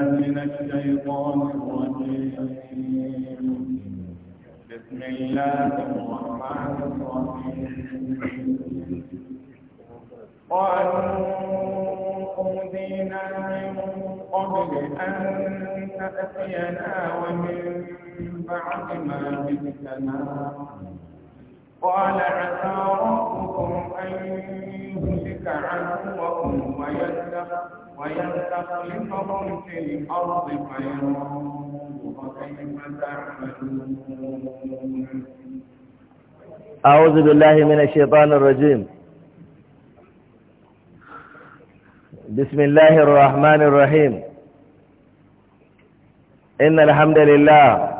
من الشيطان الرجيم بسم الله الرحمن الرحيم قالوا أوذينا من قبل أن تأتينا ومن بعد ما جئتنا قال عسى ربكم أن يهلك عدوكم ويستخلفكم في الأرض فينظر كيف تعملون أعوذ بالله من الشيطان الرجيم بسم الله الرحمن الرحيم إن الحمد لله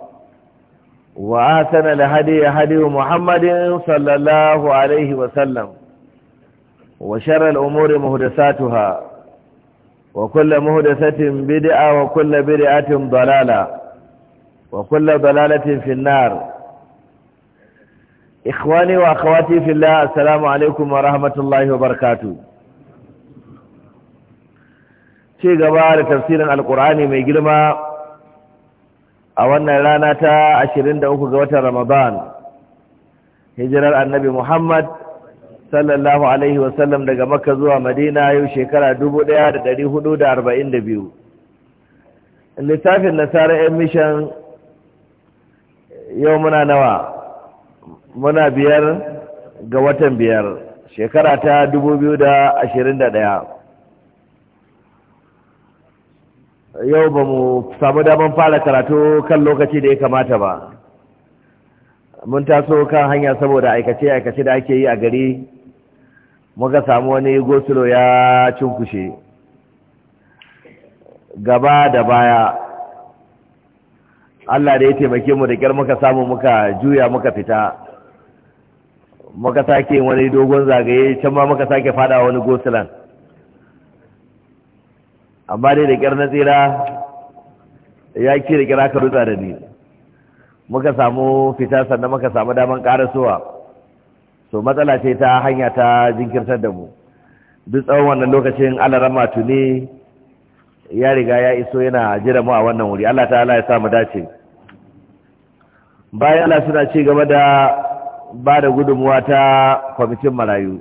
وآتن الهدي هدي محمد صلى الله عليه وسلم وشر الأمور مهدساتها وكل مهدسة بدعة وكل بدعة ضلالة وكل ضلالة في النار إخواني وأخواتي في الله السلام عليكم ورحمة الله وبركاته شيء قبار تفسير القرآن من جلمة a wannan rana ta 23 ga watan Ramadan hijirar annabi Muhammad sallallahu alaihi wasallam daga Makka zuwa Madina yau shekara 1442 littafin nasara yan mishan yau muna nawa muna biyar ga watan biyar shekara ta 2021 yau ba mu samu damar fara karatu kan lokaci da ya kamata ba mun taso kan hanya saboda aikace-aikace da ake yi a gari muka samu wani gosulo ya cunkushe gaba da baya Allah da ya taimake mu da kyar muka samu muka juya muka fita muka sake wani dogon zagaye can ma muka sake fada wani gosulan amma dai da kyar na tsira ya ke da kira ka rutsa da ni muka samu fita sannan muka samu daman karasowa so matsala ce ta hanya ta jinkirtar da mu duk tsawon wannan lokacin alarama tuni ya riga ya iso yana jira mu a wannan wuri Allah ta'ala ya samu dace bayan Allah suna ci gaba da ba da gudunmuwa ta kwamitin marayu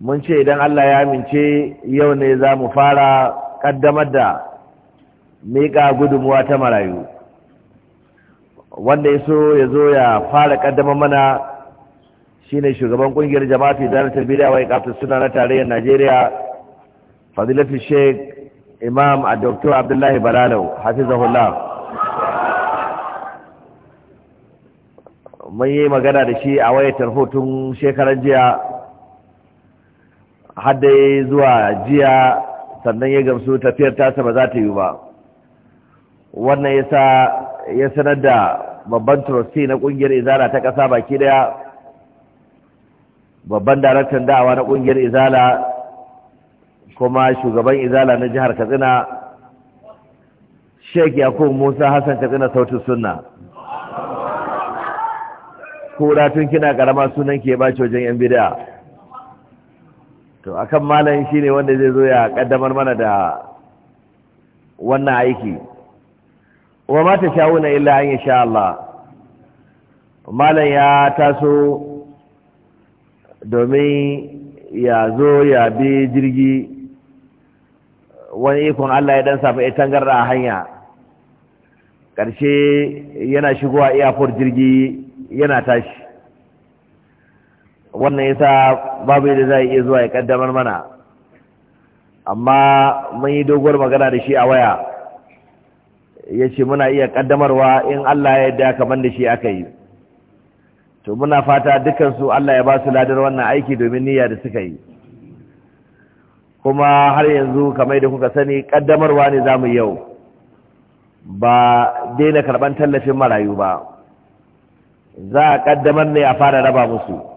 mun ce idan Allah ya amince yau ne za mu fara ƙaddamar da miƙa gudunmuwa ta marayu wanda ya so ya zo ya fara ƙaddamar mana shi ne shugaban ƙungiyar jama'a idan ta bidiya wai ikafin suna na tarayyar najeriya fadilatu sheik imam a doktor abdullahi balalau hafizahullah mun yi magana da shi a wayar tarho tun shekaran jiya hadda ya yi zuwa jiya sannan ya gamsu tafiyar tasa ba za ta yi ba wannan ya ya sanar da babban turosti na ƙungiyar izala ta ƙasa baki daya babban daraktan da'awa na ƙungiyar izala kuma shugaban izala na jihar katsina sheik yakub musa hassan katsina sautin sunna kura tun kina karama sunan ke ba wajen yan bida to akan malam shine wanda zai zo ya kaddamar mana da wannan aiki wa ma tashawuna illa an insha Allah malam ya taso domin ya zo ya bi jirgi wani ikon Allah ya dan safa ya tangarda a hanya ƙarshe yana shigowa airport jirgi yana tashi wannan yasa babu yadda za iya zuwa ya kaddamar mana amma mun yi doguwar magana da shi a waya ya ce muna iya kaddamarwa in Allah ya yadda kamar da shi aka yi to muna fata dukansu Allah ya ba su ladar wannan aiki domin niyya da suka yi kuma har yanzu kamar da kuka sani kaddamarwa ne za mu yau ba daina karban tallafin marayu ba za a kaddamar ne a fara raba musu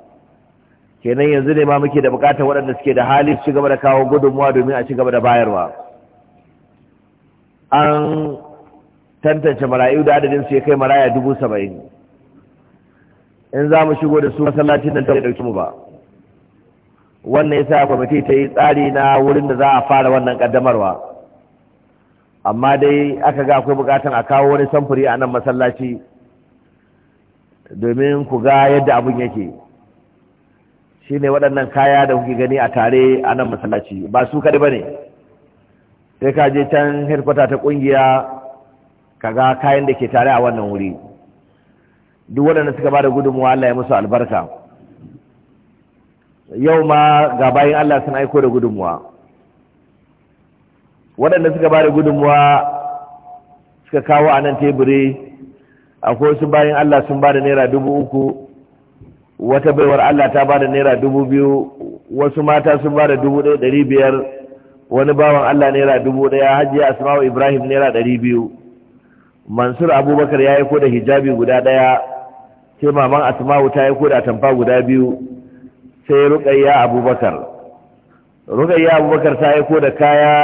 kenan yanzu ne ma muke da bukatar waɗanda suke da hali su ci gaba da kawo gudunmuwa domin a ci gaba da bayarwa an tantance marayu da adadin su ya kai maraya dubu saba'in in za mu shigo da su masallacin nan ta ɗauki mu ba wannan yasa kwamiti ta yi tsari na wurin da za a fara wannan ƙaddamarwa amma dai aka ga akwai bukatan a kawo wani samfuri a nan masallaci domin ku ga yadda abun yake shi ne waɗannan kaya da kuke gani a tare a nan masallaci ba su kaɗi ba ne sai ka je can hirkwata ta ƙungiya ka ga kayan da ke tare a wannan wuri duk waɗanda suka ba da gudunmuwa Allah ya musu albarka yau ma ga bayan Allah sun aiko da gudunmuwa waɗanda suka ba da gudunmuwa suka kawo a nan teburi akwai wasu bayan Allah sun ba da naira dubu uku wata baiwar Allah ta bada naira dubu biyu wasu mata sun bada dubu ɗaya ɗari biyar wani bawan Allah naira dubu ɗaya Hajji asma'u ibrahim naira ɗari biyu mansur abubakar ya aiko da hijabi guda ɗaya sai maman asma'u ta aiko da atamfa guda biyu sai ruƙayya abubakar ruƙayya abubakar ta aiko da kaya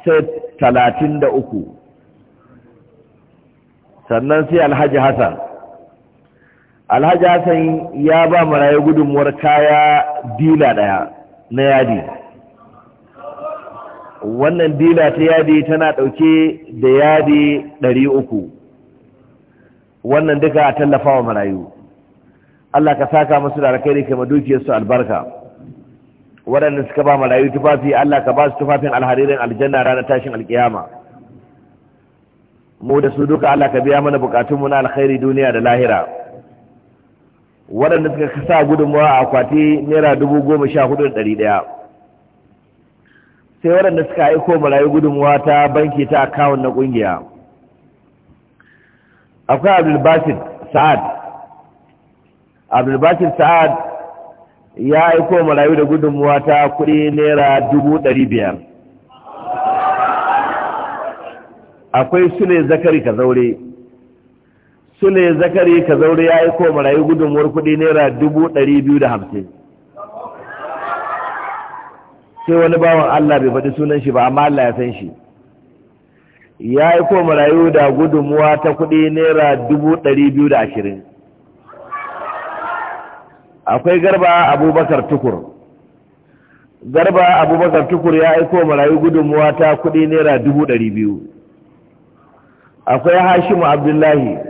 sai talatin da uku sannan sai alhaji hassan alhaji hassan ya ba marayu gudunmuwar kaya dila daya na yadi wannan dila ta yadi tana ɗauke da yadi 300 wannan duka a tallafa wa marayu Allah ka saka musu da alkhairi kai madukiyarsu albarka waɗanda suka ba marayu tufafi Allah ka ba su tufafin alharirin aljanna ranar tashin alkiyama mu da su duka Allah ka biya mana bukatunmu na alkhairi duniya da lahira waɗanda suka kasa gudunmawa a akwati naira dubu goma sha hudu da ɗari ɗaya sai waɗanda suka aiko marayu gudunmawa ta banki ta akawun na ƙungiya akwai abdulbasir sa'ad abdulbasir sa'ad ya aiko marayu da gudunmawa ta kuɗi naira dubu ɗari biyar akwai sule zakari ka zaure sule zakari ka zaure ya yi koma rayu gudunmuwar kuɗi naira dubu ɗari biyu da hamsin sai wani bawan Allah bai faɗi sunan shi ba amma Allah ya san shi ya yi koma rayu da gudunmuwa ta kuɗi naira dubu ɗari biyu da ashirin akwai garba abubakar tukur garba abubakar tukur ya yi koma rayu gudunmuwa ta kuɗi naira dubu ɗari biyu akwai hashimu abdullahi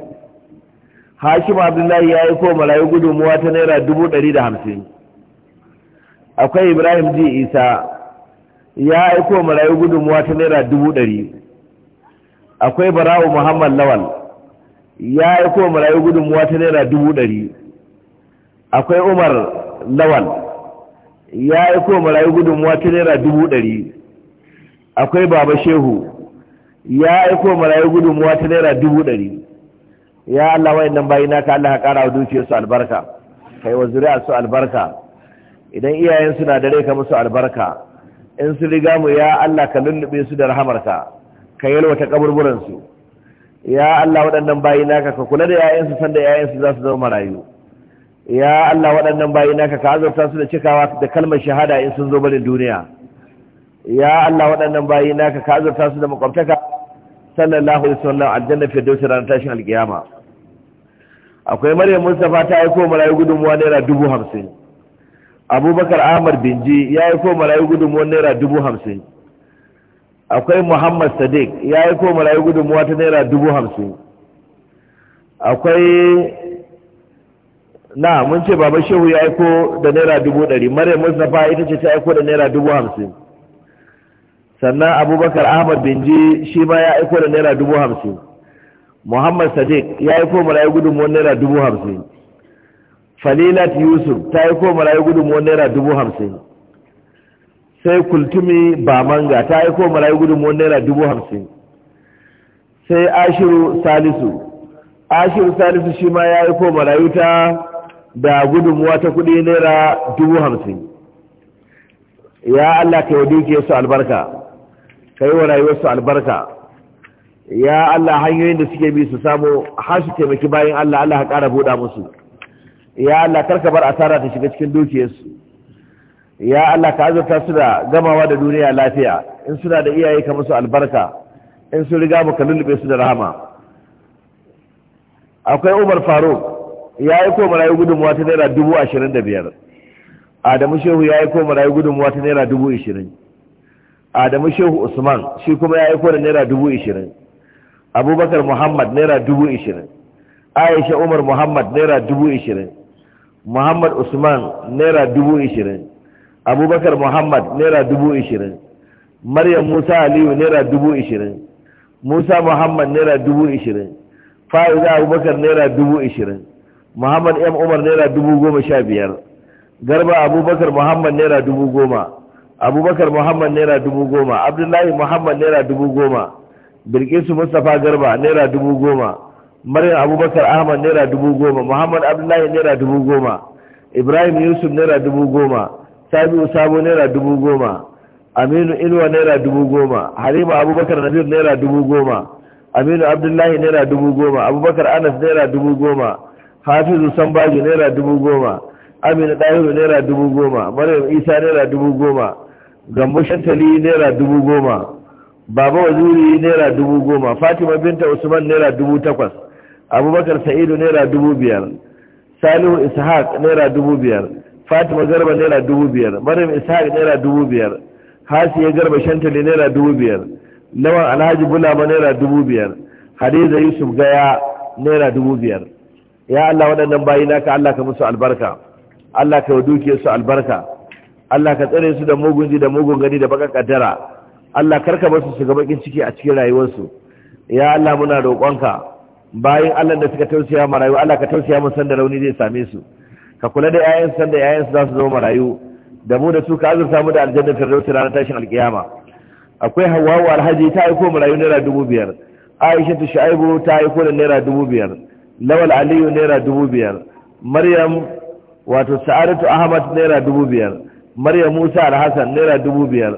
hashim abdullahi ya yi ko marayu gudunmuwa ta naira dubu ɗari da hamsin akwai ibrahim ji isa ya yi aiko marayu gudunmuwa ta naira dubu ɗari akwai barawo muhammad lawal ya yi aiko marayu gudunmuwa ta naira dubu ɗari akwai umar lawal ya yi aiko marayu gudunmuwa ta naira dubu ɗari akwai baba shehu ya yi aiko marayu gudunmuwa ta naira dubu ɗari ya Allah wayannan bayina ka Allah ya kara wa dukiyar su albarka kai wa zuri'a su albarka idan iyayen suna dare ka musu albarka in su riga mu ya Allah ka lullube su da rahamarka ka ta kaburburan su ya Allah waɗannan bayina ka ka kula da yayansu sanda yayansu za su zama marayu ya Allah waɗannan bayina ka ka azurta su da cikawa da kalmar shahada in sun zo barin duniya ya Allah waɗannan bayina ka ka azurta su da makwabtaka sallallahu alaihi wasallam aljanna fi dawsi ran tashin alqiyama akwai maryam mustafa ta aiko marayu gudunmuwa naira dubu hamsin abubakar ahmad binji ya aiko marayu gudunmuwa naira dubu hamsin akwai muhammad sadiq ya aiko marayu gudunmuwa ta naira dubu hamsin akwai na mun ce baba shehu ya aiko da naira dubu ɗari maryam mustafa ita ce ta aiko da naira dubu hamsin sannan abubakar ahmad binji shi ma ya aiko da naira dubu hamsin muhammad sadiq ya aiko marayi gudunmuwan naira dubu hamsin falilat yusuf ta aiko marayi gudunmuwan naira dubu hamsin sai kultumi ba manga ta aiko marayi gudunmuwan naira dubu hamsin sai ashiru salisu ashiru salisu shi ma ya aiko marayu ta da gudunmuwa ta kudi naira dubu hamsin ya allah ka yi duke su albarka ka yi wa rayuwarsu albarka ya Allah hanyoyin da suke bi su samu har su taimaki bayan Allah Allah ka ƙara buɗa musu ya Allah karka bar asara ta shiga cikin dukiyarsu ya Allah ka azurta su da gamawa da duniya lafiya in suna da iyaye ka musu albarka in sun riga mu ka su da rahama akwai Umar Faruk ya yi ko marayu gudunmuwa ta naira dubu ashirin da biyar adamu shehu ya yi ko marayu gudunmuwa ta naira dubu ashirin adamu shehu usman shi kuma ya aiko da naira dubu ishirin abubakar muhammad naira dubu ishirin aisha umar muhammad naira dubu ishirin muhammad usman naira dubu ishirin abubakar muhammad naira dubu ishirin maryam musa aliyu naira dubu ishirin musa muhammad naira dubu ishirin fa'iza abubakar naira dubu ishirin muhammad m umar naira dubu goma sha biyar garba abubakar muhammad naira dubu goma abubakar muhammad naira dubu goma abdullahi muhammad naira dubu goma bilkisu mustapha garba naira dubu goma maryam abubakar ahmad naira dubu goma muhammad abdullahi naira dubu goma ibrahim yusuf naira dubu goma sabiu sabo naira dubu goma aminu inuwa naira dubu goma halima abubakar nabir naira dubu goma aminu abdullahi naira dubu goma abubakar anas naira dubu goma hafizu sambaji naira dubu goma aminu ɗahiru naira dubu goma maryam isa naira dubu goma gambo shantali naira dubu goma baba wazuri naira dubu goma fatima binta usman naira dubu takwas abubakar sa'idu naira dubu biyar salihu ishaq naira dubu biyar fatima garba naira dubu biyar maryam ishaq naira dubu biyar hasiya garba shantali naira dubu biyar lawan alhaji bulama naira dubu biyar hadiza yusuf gaya naira dubu biyar ya allah waɗannan bayi naka allah ka musu albarka allah ka wa dukiyarsu albarka Allah ka tsare su da mugun ji da mugun gani da baka kaddara Allah karka ba su shiga bakin ciki a cikin rayuwarsu ya Allah muna roƙonka bayan Allah da suka tausaya marayu Allah ka tausaya mun san rauni zai same su ka kula da ƴaƴan san da su za su zama marayu da mu da su ka azurta mu da aljanna firdausi ranar tashin alkiyama akwai Hawwa Alhaji ta aiko marayu naira dubu biyar Aisha ta Shu'aibu ta aiko da naira dubu biyar Lawal Aliyu naira dubu biyar Maryam wato Sa'adatu Ahmad naira dubu biyar maryam musa alhassan naira dubu biyar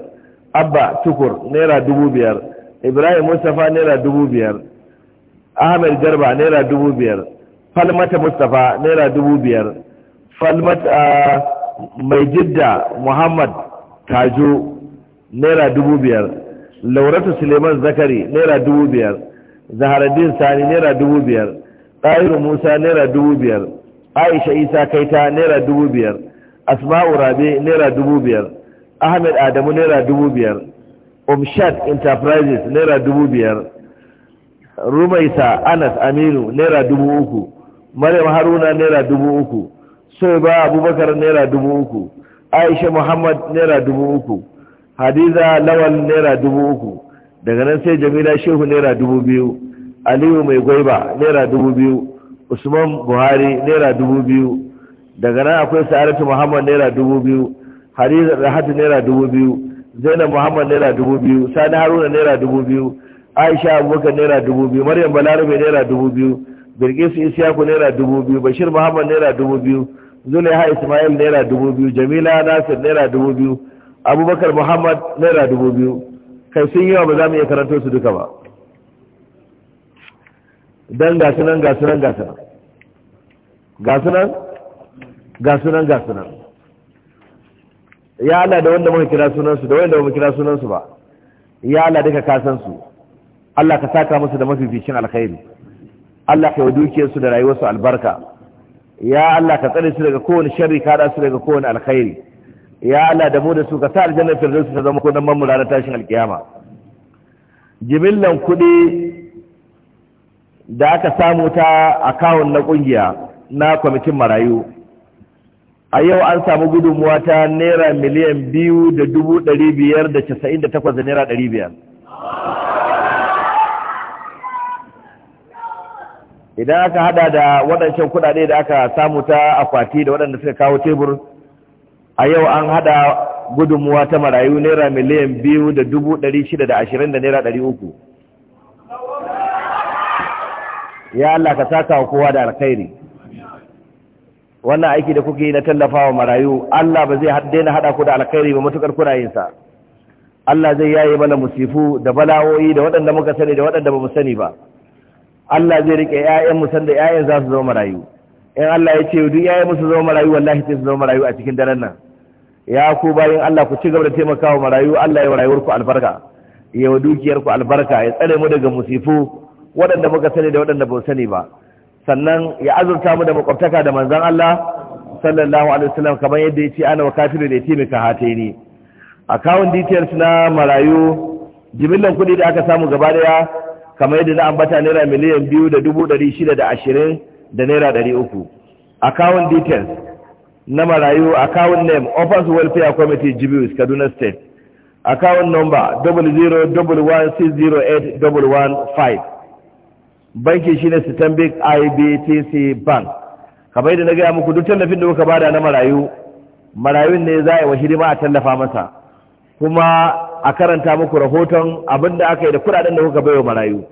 abba tukur naira dubu biyar ibrahim mustapha naira dubu biyar ahmed garba naira dubu biyar falmata mustapha naira dubu biyar falmata mai jidda muhammad tajo naira dubu biyar lauratu suleiman zakari naira dubu biyar zaharaddin sani naira dubu biyar ɗahiru musa naira dubu biyar aisha isa kaita naira dubu biyar asma'u rabe naira dubu biyar ahmed adamu naira dubu biyar umshat enterprises naira dubu biyar rumaisa anas aminu naira dubu uku maryam haruna naira dubu uku soyba abubakar naira dubu uku aisha muhammad naira dubu uku hadiza lawal naira dubu uku daga nan sai jamila shehu naira dubu biyu aliyu mai gwaiba naira dubu biyu usman buhari naira dubu biyu daga nan akwai sa'aratu muhammad naira dubu biyu hadiza rahatu naira dubu biyu zainab muhammad naira dubu biyu sani haruna naira dubu biyu aisha abubakar naira dubu biyu maryam balarabe naira dubu biyu bilkisu isiyaku naira dubu biyu bashir muhammad naira dubu biyu zulaiha ismail naira dubu biyu jamila nasir naira dubu biyu abubakar muhammad naira dubu biyu kai sun yi wa ba za mu iya karanto su duka ba dan gasu nan gasu nan gasu nan gasu nan ga sunan ga sunan ya Allah da wanda muka kira sunansu da wanda muka kira sunansu ba ya Allah duka ka san su Allah ka saka musu da mafificin alkhairi Allah ka duke su da rayuwarsu albarka ya Allah ka tsare su daga kowane sharri ka da su daga kowane alkhairi ya Allah da mu da su ka sa aljanna firdausi ta zama ko dan mamu ranar tashin alkiyama jimillan kuɗi da aka samu ta akawun na ƙungiya na kwamitin marayu a yau an samu gudunmuwa ta naira miliyan biyu da dubu ɗari biyar da casa'in da takwas da naira ɗari biyar idan aka hada da waɗancan kuɗaɗe da aka samu ta akwati da waɗanda suka kawo tebur a yau an hada gudunmuwa ta marayu naira miliyan biyu da dubu ɗari shida da ashirin da naira ɗari uku ya Allah ka saka wa kowa da alkhairi wannan aiki da kuke yi na tallafawa marayu Allah ba zai daina haɗa ku da alkhairi ba matukar kuna yin sa Allah zai yaye mana musifu da balawoyi da waɗanda muka sani da waɗanda ba mu sani ba Allah zai rike ƴaƴan mu san ƴaƴan za su zama marayu in Allah ya ce duk ƴaƴan mu su zama marayu wallahi sai su zama marayu a cikin daren nan ya ku bayin Allah ku ci gaba da taimakawa marayu Allah ya rayuwar ku albarka ya wa dukiyar albarka ya tsare mu daga musifu waɗanda muka sani da waɗanda ba mu sani ba sannan ya azurta mu da makwabtaka da manzan Allah sallallahu alaihi wasallam kamar yadda yace ana wakafiru da yatimi ka hataini account details na marayu jimillan kuɗi da aka samu gaba daya kamar yadda na ambata naira miliyan biyu da dubu shida da ashirin da naira 300 uku account details na marayu account name offers welfare committee jibius kaduna state account number 0016081115 banki shine Stanbic IBTC Bank kamar yadda na gaya muku duk tallafin da muka bada na marayu marayun ne za a yi wa hidima a tallafa masa kuma a karanta muku rahoton abin da aka yi da kudaden da kuka bai wa marayu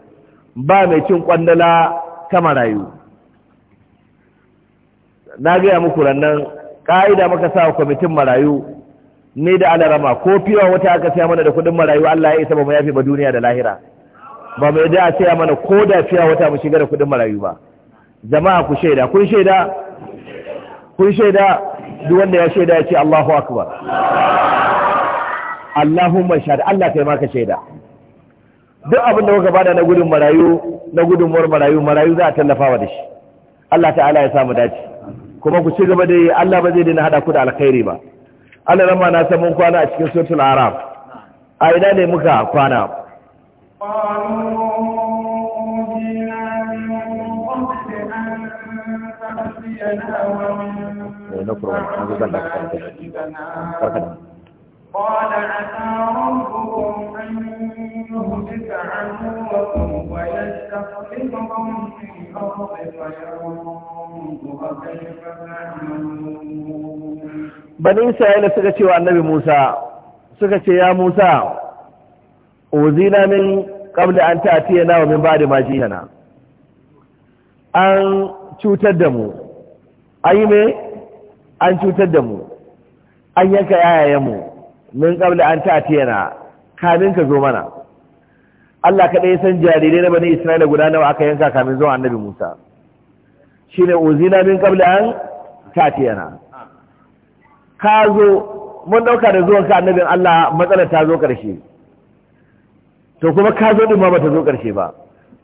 ba mai cin kwandala ta marayu na gaya muku rannan ƙa'ida muka sa wa kwamitin marayu ne da alarama ko fiwa wata aka siya mana da kudin marayu Allah ya isa ba mu yafi ba duniya da lahira ba mai da a saya mana ko da fiya wata mu shiga da kudin marayu ba jama'a ku shaida kun shaida kun shaida duk wanda ya shaida ya ce Allahu akbar Allahumma shahada Allah kai maka shaida duk abin da kuka bada na gudun marayu na gudunmuwar marayu marayu za a tallafawa da shi Allah ta'ala ya samu dace kuma ku ci gaba da yi Allah ba zai dina hada ku da alkhairi ba Allah rama na san mun kwana a cikin suratul a ina ne muka kwana قالوا أوتينا من قبل أن تأتينا ومن بعد جئتنا قال عسى ربكم أن يهلك عدوكم ويستخلفكم في الأرض فينظر كيف تعملون بني إسرائيل سكتي عن النبي موسى suka ce ya Musa أوزينا min قبل an تأتينا wa min ما ma أن an cutar da mu ayi me an cutar da mu an yanka yayayen mu min an ka zo mana Allah kada ya san jarirai na bani Isra'ila guda nawa aka yanka kamin zuwa Annabi Musa shine uzina min qabla an ta'tiyana ka zo mun dauka da zuwan ka annabin Allah matsalar ta zo karshe to kuma ka zo din ma bata zo ƙarshe ba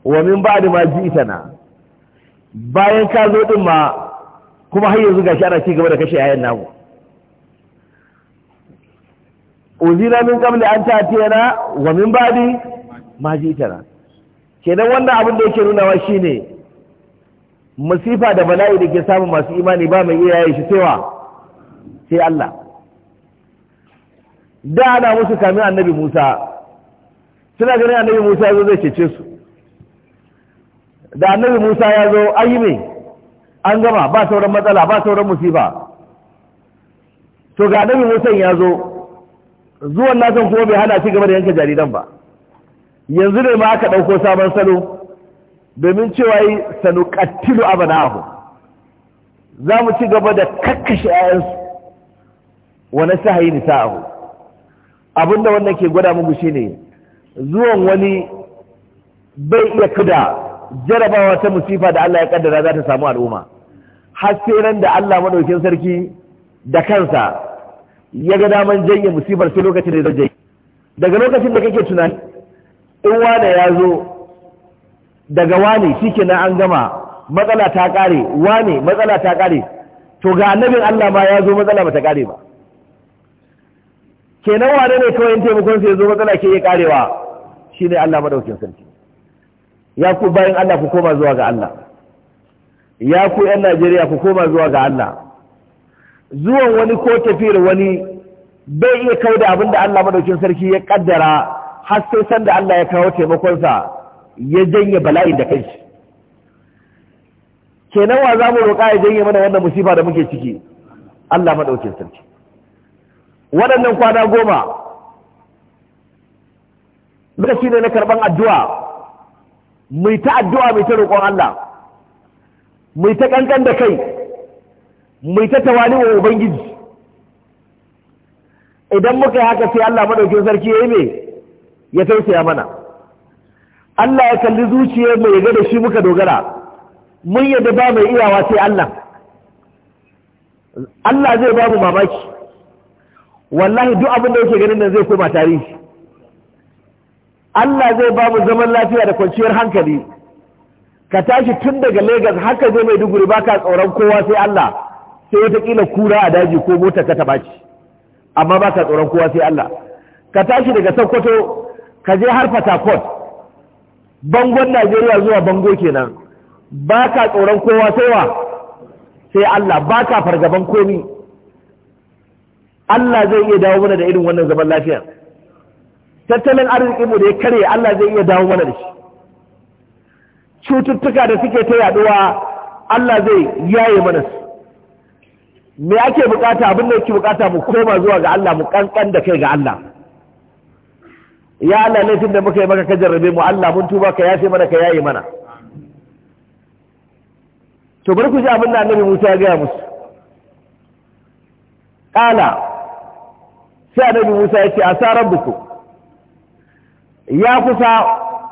wa min ba'di ma ji ita na. bayan ka zo din ma kuma har yanzu gashi ana ci gaba da kashe yayan namu uzina min qabli an ta'tiyana wa min ba ba'di ma ji ita na kenan wannan abin da yake nunawa shine masifa da bala'i da ke samun masu imani ba mai iya yayi shi sai sai Allah da ana musu kamin annabi Musa suna ganin annabi musa ya zo zai cece su da annabi musa ya zo an yi mai an gama ba sauran matsala ba sauran musiba to ga annabi musa ya zo zuwan nasan kuma bai hana ci gaba da yanka jariran ba yanzu ne ma aka ɗauko sabon salo domin cewa yi a abanahu za mu ci gaba da kakkashe ayansu wani sahayi sa'ahu? abinda wannan ke gwada mugu shi ne. zuwan wani bai iya kuda jarabawa ta musifa da Allah ya kaddara za ta samu al'umma haske ran da Allah madaukin sarki da kansa ya ga daman janye musibar sai lokacin da zai daga lokacin da kake tunani in wane ya zo daga wane shike na an gama matsala ta kare wane matsala ta kare to ga annabin Allah ma ya zo matsala ba ta kare ba kenan wane ne kawai in taimakon sai ya zo matsala ke ya karewa ne Allah madaukin sarki ya ku bayan Allah ku koma zuwa ga Allah ya ku yan Najeriya ku koma zuwa ga Allah zuwan wani ko tafiyar wani bai iya kau da abin da Allah madaukin sarki ya kaddara har sai sanda Allah ya kawo taimakonsa ya janye bala'in da kanshi kenan wa za mu roƙa ya janye mana wannan musifa da muke ciki Allah madaukin sarki waɗannan kwana goma shi ne na karɓar addu'a mai ta addu'a mai ta roƙon Allah mai ta ƙanƙan da kai mai ta tawali wa ubangiji idan muka yi haka sai Allah madaukin sarki ya yi me ya tausaya mana Allah ya kalli zuciya mai yaga da shi muka dogara mun yadda ba mai iyawa sai Allah Allah zai ba mu mamaki wallahi duk abin da yake ganin nan zai koma tarihi Allah zai ba mu zaman lafiya da kwanciyar hankali ka tashi tun daga Legas haka zai mai duguri ba ka tsoron kowa sai Allah sai watakila kura a daji ko mota ka taɓa ci amma ba ka tsoron kowa sai Allah ka tashi daga Sokoto ka je har Fatakot bangon Najeriya zuwa bango kenan ba ka tsoron kowa sai wa sai Allah Ba ka fargaban komi Allah zai iya dawo mana da irin wannan zaman lafiyar tattalin arzikinmu mu da ya karye Allah zai iya dawo mana da shi cututtuka da suke ta yaduwa Allah zai yaye mana su me ake bukata abin da yake bukata mu koma zuwa ga Allah mu kankan da kai ga Allah ya Allah laifin da muka yi maka ka jarrabe mu Allah mun tuba ka yafe mana ka yaye mana to bari ku ji abin da Annabi Musa ya gaya musu qala sai Annabi Musa ya ce asarabukum ya kusa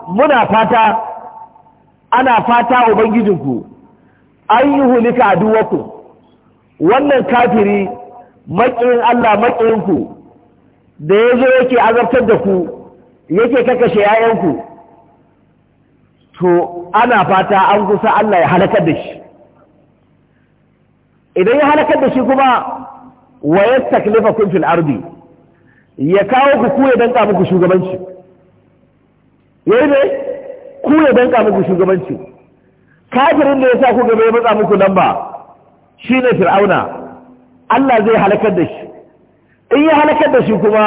muna fata ana fata ubangijinku an yi hulika aduwaku wannan kafiri makin Allah makinku da ya zo yake azabtar da ku yake kakashe yayanku to ana fata an kusa Allah ya halakar da shi idan ya halakar da shi kuma wa yastaklifa kun fil ardi ya kawo ku ku ya danka muku shugabanci yayi ne ku ya danka muku shugabanci kafirin da ya sa ku gaba ya matsa muku lamba ne fir'auna Allah zai halakar da shi in ya halakar da shi kuma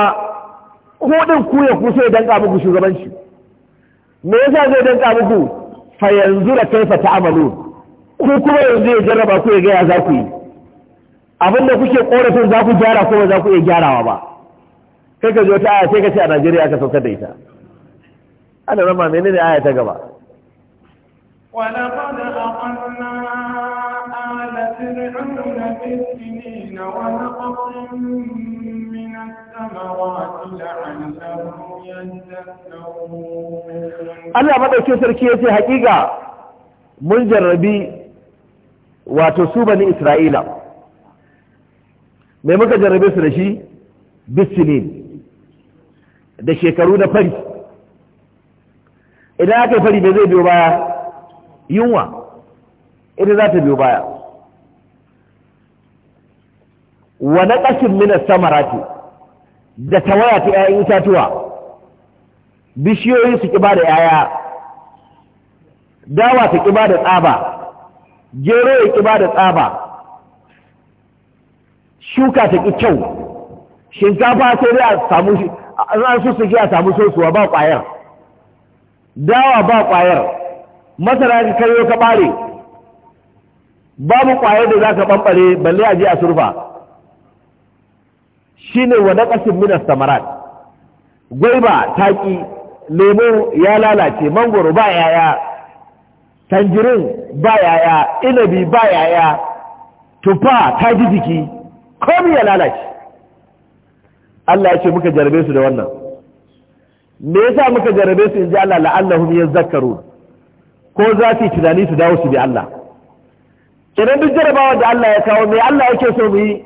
hudin ku ya kusa ya danka muku shugabanci me yasa zai danka muku fa yanzu da kaifa ta'malu ku kuma yanzu ya jarraba ku ya ga ya za ku yi abinda kuke korafin za ku gyara ko ba za ku iya gyarawa ba kai ka zo ta aya sai ka ce a Najeriya ka saukar da ita ana mene menene aya ta gaba ولقد أخذنا آل فرعون بالسنين ونقص من الثمرات لعلهم يذكرون الله حقيقة mun jarrabi wato su bani isra'ila mai muka jarrabe su da shi da shekaru na fari idan aka yi fari da zai biyo baya yunwa ita za ta biyo baya wa na ƙashin mina samarati da tawaya ta ‘ya'yan itatuwa bishiyoyi su ƙiba da ‘ya'ya dawa ta ƙiba da tsaba gero ya ƙiba da tsaba shuka ta ƙi kyau shinkafa sai dai a samu shi an su suke a samu sosuwa ba ƙwayar dawa ba ƙwayar masara ka kayo ka ɓare babu ƙwayar da za ka ɓamɓare balle a je a surfa shi ne wa naƙasin minas samarat gwaiba taƙi lemo ya lalace mangoro ba yaya tangirin ba yaya inabi ba yaya tufa ta ji jiki komi ya lalace Allah ya ce muka jarabe su da wannan me yasa muka jarabe su in Allah la'allahum yazakkaru ko za su tunani su dawo su bi Allah idan duk jarabawa da Allah ya kawo me Allah yake so mu yi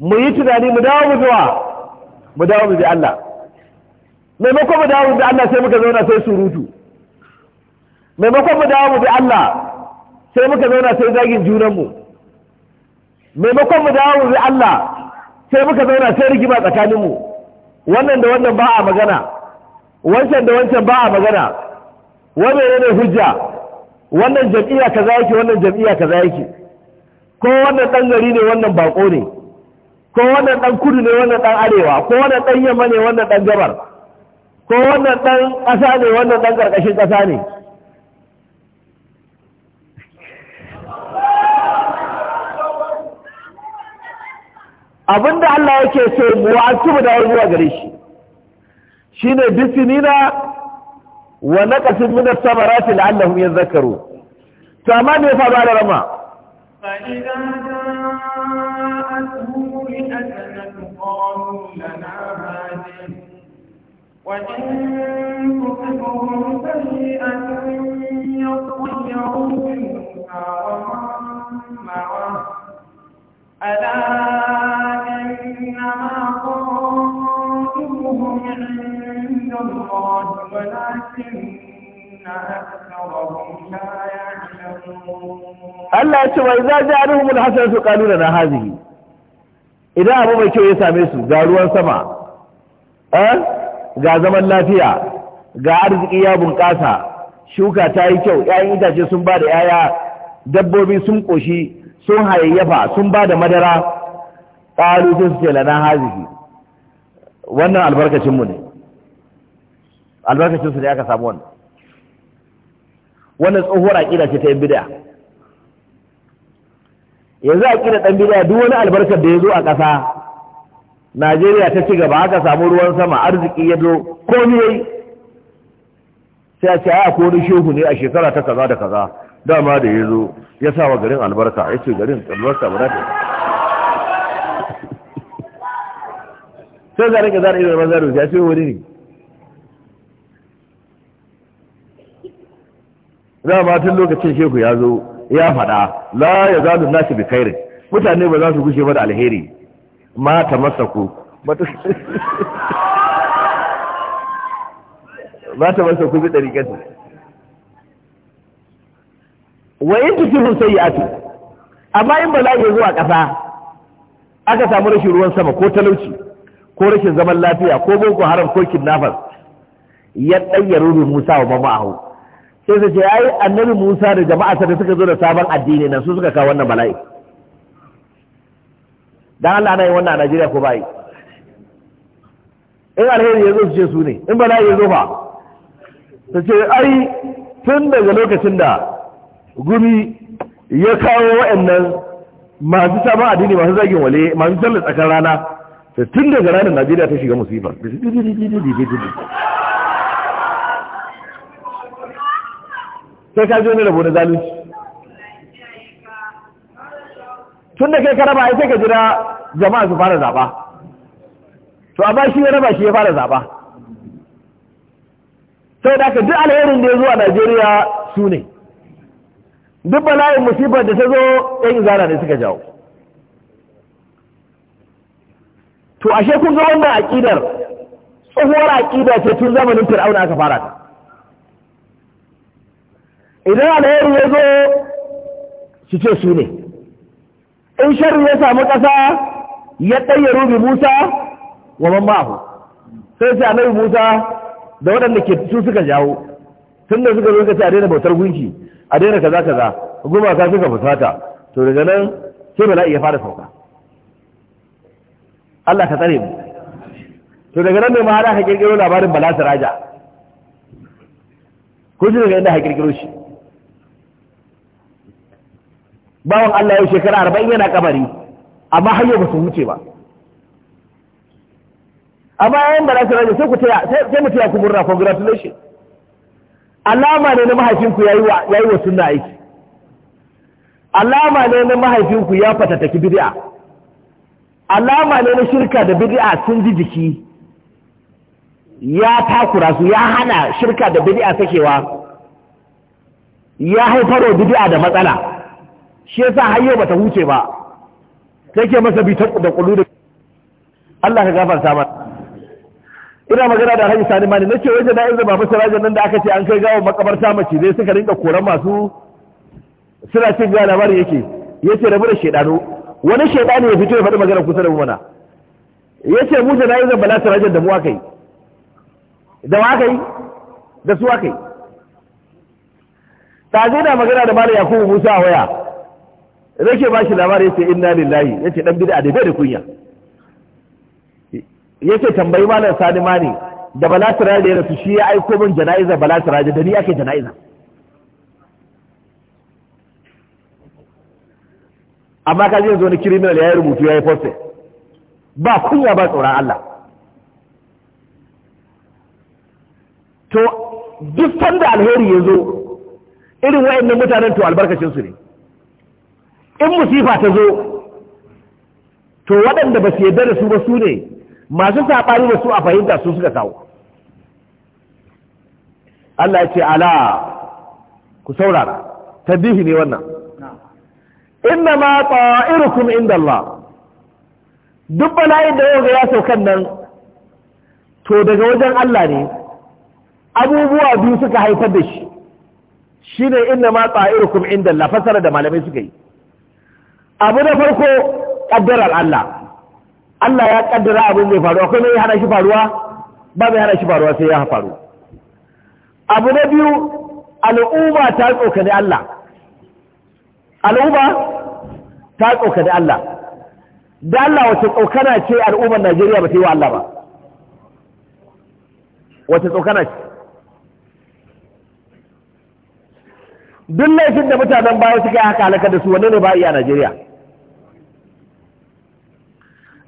mu yi tunani mu dawo mu zuwa mu dawo mu bi Allah maimakon mu dawo mu bi Allah sai muka zauna sai surutu maimakon mu dawo mu bi Allah sai muka zauna sai zagin junanmu maimakon mu dawo mu bi Allah sai muka zauna sai rigima tsakaninmu wannan da wannan ba a magana wancan da wancan ba a magana wanda ne hujja wannan jam'iyya kaza yake wannan jam'iyya kaza yake ko wannan dan gari ne wannan bako ne ko wannan dan kudu ne wannan dan arewa ko wannan dan yamma ne wannan dan gabar ko wannan dan ƙasa ne wannan dan ƙarƙashin ƙasa ne abinda Allah yake so mu wasu da zuwa gare shi shine na wa naqasin min as-samarati la'allahum yadhakkarun to amma me fa ba da rama fa idan ja'atuhum hasanatun qalu lana hadhihi wa in tusibhum sayyi'atun yaqulu minha wa إنما عند الله ولكن Allah ya ce wa idan abu mai kyau ya same su ga ruwan sama eh ga zaman lafiya ga arziki ya bunƙasa shuka ta yi kyau ƴaƴan itace sun ba da ƴaƴa dabbobi sun ƙoshi sun hayayyafa sun ba da madara ƙalu sai su ce lana haziki wannan albarkacinmu ne albarkacinsu ne aka samu wannan wannan tsohuwar aƙida ce ta yin bida yanzu aƙida ɗan bida duk wani albarkar da ya zo a ƙasa najeriya ta ci gaba aka samu ruwan sama arziki ya zo komi sai a ce a ko shehu ne a shekara ta kaza da kaza dama da ya zo ya sa wa garin albarka ya ce garin albarka ba za ta sai zare ka zare ido ba zare ya ce wani ne za ma tun lokacin shehu ya zo ya faɗa la ya na nashi bi khairin mutane ba za su gushe ba da alheri ma ta masaku ba ta masaku bi dariƙatu wa in ya ce amma in bala'i ya zo a ƙasa aka samu rashin ruwan sama ko talauci ko rashin zaman lafiya ko boko haram ko kidnappers ya ɗayyar rubin musa wa ahu sai su ce ai annabi musa da jama'a da suka zo da sabon addini nan su suka kawo wannan bala'i dan Allah na yi wannan a Najeriya ko bai in alheri ya zo su ce su ne in bala'i ya zo fa su ce ai tun daga lokacin da gumi ya kawo wa'annan masu sabon addini masu zagin wale masu sallar tsakar rana sai tun daga ranar najeriya ta shiga musifa sai ka je ne rabo na zalunci tun da kai ka raba sai ka jira jama'a su fara zaɓa to a ba shi ya raba shi ya fara zaɓa sai da aka duk alherin da ya zuwa najeriya su ne duk bala'in musibar da ta zo 'yan izana ne suka jawo to ashe kun ga wannan aqidar tsohuwar aqida ce tun zamanin fir'auna aka fara ta idan alheri ya zo su ce su ne in sharri ya samu ƙasa ya ɗayyaru bi musa wa man sai sai annabi musa da waɗanda ke su suka jawo tun da suka zo ka ce a daina bautar gunki a daina kaza kaza gumaka suka fusata to daga nan sai bala'i ya fara sauka Allah ta tsare mu to daga nan ne ma ka kirkiro labarin bala siraja ko shi daga inda ka kirkiro shi bawan Allah yau shekara arba'in yana kabari amma hanyar ba su wuce ba a bayan bala siraja sai ku taya sai mu taya ku murna congratulations alama ne na mahaifinku ya wa wa sunna aiki alama ne na mahaifinku ya fatattaki bid'a alama ne na shirka da bid'a sun ji jiki ya takura su ya hana shirka da bid'a sakewa ya haifar wa bid'a da matsala shi yasa yau bata huce ba take masa bi da kullu da Allah ka gafarta mata ina magana da Alhaji Sani Mali nace wajen na izaba masa Sarajin nan da aka ce an kai gawo makabarta mace dai suka rinka koran masu suna cin gawa labarin yake yace rabu da shedano wani shaidani ya fito ya faɗi magana kusa da mana ya ce mu zan bala sirajar da mu da wakai, da su wakai. ta zai na magana da mara yakubu musa a waya rake ba shi labari ya ce inna lillahi ya ce dan bid'a da bai da kunya ya ce tambayi mana sani mani da bala da da su shi ya aiko min jana'izar bala da ni ake jana'izar amma ka zai zoni kirminal ya yi rubutu ya yi fosse ba kunya ba tsoron Allah to duk sanda alheri ya zo irin wa'annan mutanen to albarkacinsu ne in musifa ta zo to waɗanda ba su yarda da su ba su ne masu saɓari da su a fahimta su suka kawo Allah ya ce ala ku saurara tabihi ne wannan inna ma ta'irukum inda Allah duk bala'in da yau ya saukan nan to daga wajen Allah ne abubuwa biyu suka haifar da shi shine inna ma ta'irukum inda Allah fasara da malamai suka yi abu na farko kaddarar Allah Allah ya kaddara abin da ya faru akwai mai hana shi faruwa ba mai hana shi faruwa sai ya faru abu na biyu al'umma ta tsokane Allah Al'uma. ta da Allah da Allah wace tsokana ce al'ummar Najeriya ba ta yi wa Allah ba wace tsokana ce duk laifin da mutanen baya suka yi haka halakar da su wanne ne ba iya Najeriya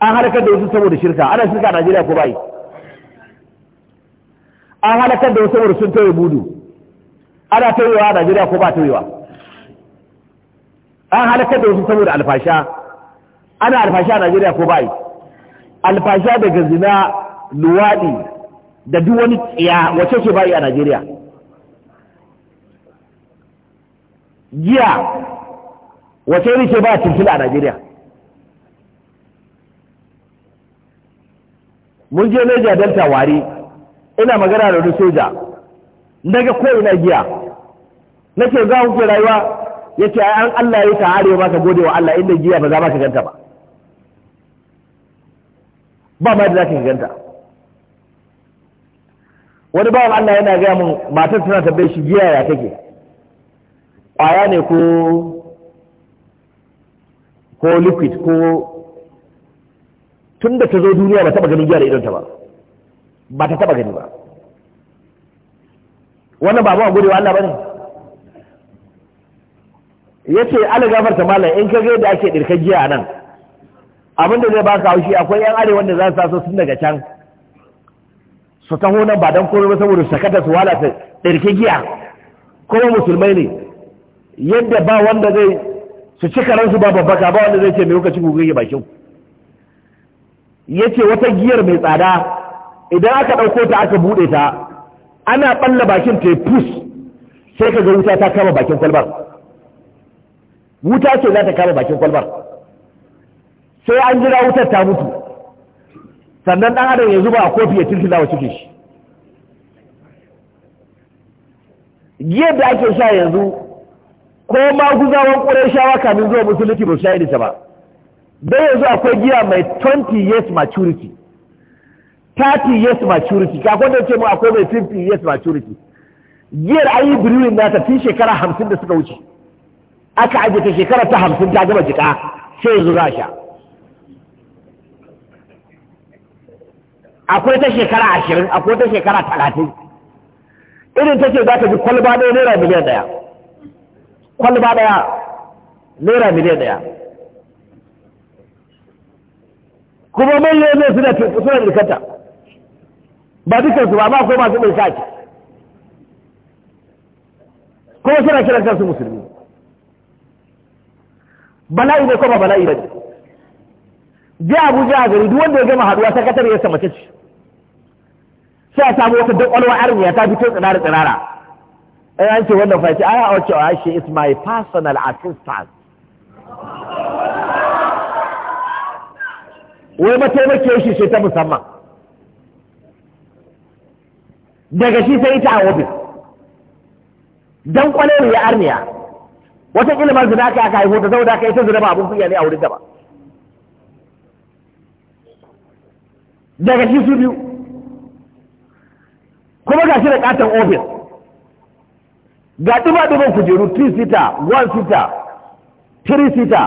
an halakar da wasu saboda shirka ana shirka a Najeriya ko ba yi an halakar da wasu saboda sun tauye budu ana tauyewa a Najeriya ko ba tauyewa an halakar da wasu saboda alfasha ana alfasha a Najeriya ko bai alfasha daga zina luwaɗi da duk wani tsiya wace ce bai a Najeriya giya wace ne ce ba tilfila a Najeriya mun je Niger Delta wari ina magana da wani soja daga ko ina giya nake za ku rayuwa yace ai an Allah ya hare ba ka gode wa Allah inda giya ba za ba ka ganta ba ba ma da za ka ganta wani wa Allah yana gaya mun matar tana tabbai shi giya ya take kwaya ne ko ko liquid ko tun da ta zo duniya ba taba ganin giya da idonta ba ba ta taba gani ba wannan ba ba gode wa Allah ne ya ce ala ta malam in ka ga ake ɗirkar giya a nan abinda zai baka haushi akwai yan arewa da za su taso sun daga can su taho nan ba don koro ba saboda sakata su wala ta ɗirki giya kuma musulmai ne yadda ba wanda zai su ci karansu ba babbaka ba wanda zai ce mai kuka ci gugu ba kyau ya wata giyar mai tsada idan aka ɗauko ta aka buɗe ta ana ɓalla bakin ta fus sai ka ga wuta ta kama bakin kwalbar wuta ce za ta kama bakin kwalbar sai an jira wutar ta mutu sannan dan adam ya zuba a kofi ya tilkila wa cikin shi giyar da ake sha yanzu ko ma kure shawa kamin zuwa musulunci ba su sha irinsa ba don yanzu akwai giya mai 20 years maturity 30 years maturity ka kwanta ce mu akwai mai 50 years maturity giyar ayi biriwin nata tun shekara 50 da suka wuce aka ajiye ta shekara ta hamsin ta gama jika sai yanzu za sha akwai ta shekara ashirin akwai ta shekara talatin irin ta ce za ta ji kwalba ɗaya naira miliyan ɗaya kwalba ɗaya naira miliyan ɗaya kuma manyan ne suna suna ilkanta ba dukkan su ba ma akwai masu ɗauka ce kuma suna kiran kansu musulmi bala'i ne kuma bala'i bala'i ba je abuja a gari duk wanda ya gama haduwa sakatare ya mace shi sai a samu wata dakwalwa arniya ta fito tsirara tsirara ai an ce wannan fa ce ai a ce shi is my personal assistant wai mataimakiyar shi ce ta musamman daga shi sai ita a ofis don kwalewar ya arniya wata ilimin zina ka aka haihu ta saboda ka ita zina ba abun kunya ne a wurin da ba daga shi su biyu kuma ga shi da katon ofis ga duba-duban kujeru 3 sita 1 sita 3 sita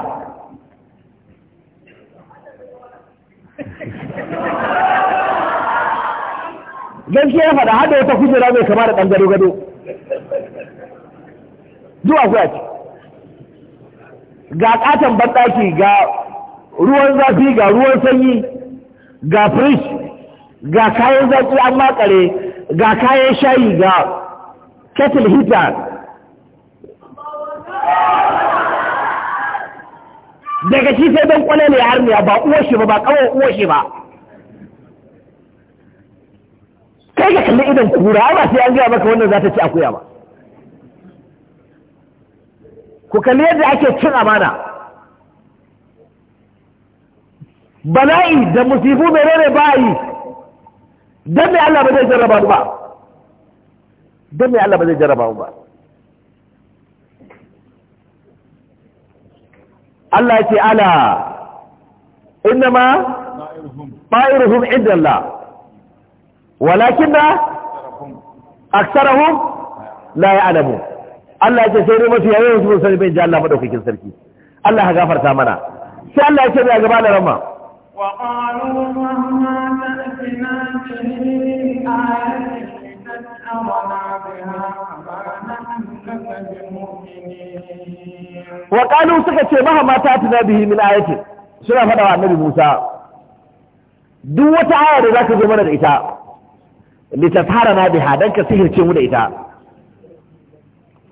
don shi ya fada hada wata kujera mai kama da ɗan gado-gado zuwa kuwa ce ga katon banɗaki ga ruwan zafi ga ruwan sanyi ga firish ga kayan zafi an makare ga kayan shayi ga kettle heater daga shi sai don kwale ne harniya ba uwa shi ba ba kawo uwa shi ba kai ga kalli idan kura ba sai an gaya maka wannan za ta ci akuya ba ku kalli yadda ake cin amana bala'i da musibu menene ba yi don me Allah ba zai jarraba ba don me Allah ba zai jarraba ba Allah ce ala innama ta'iruhum inda Allah walakin da aksarahum la ya'lamun Allah ya ce sai dai mafi yayin su sani bai ji Allah madaukakin sarki Allah ya gafarta mana sai Allah ya ce mai gaba da rama wa qalu ma ta'tina bihi ayatin wa kanu suka ce maha mata tuna bihi min ayatin suna faɗa wa annabi Musa duk wata aya da zaka zo mana da ita li tafhara na biha dan ka sihirce mu da ita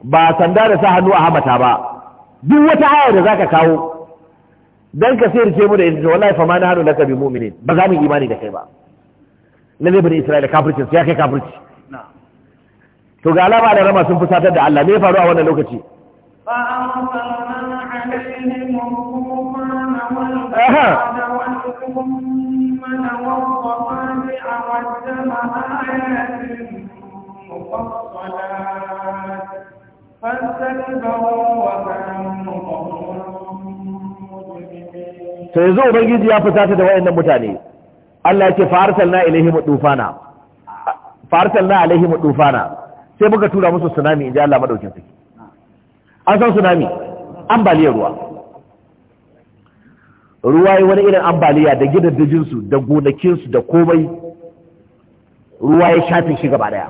ba sanda da sa hannu a hamata ba duk wata aya da zaka kawo dan ka sirce mu da ita wallahi fa ma na hannu laka bi mu'minin ba za mu imani da kai ba na zai bani isra'ila kafirci ya kai kafirci to ga alama da rama sun fusatar da Allah me ya faru a wannan lokaci Aha. to yanzu ubangiji ya fusata da wayannan mutane Allah yake farsalna ilaihim dufana farsalna mu dufana sai muka tura musu tsunami inji Allah madaukin sarki an san tsunami ambaliyar ruwa ruwa yi wani irin ambaliya da gidan gidaddajinsu da gonakinsu da komai ruwa ya shafe shi gaba daya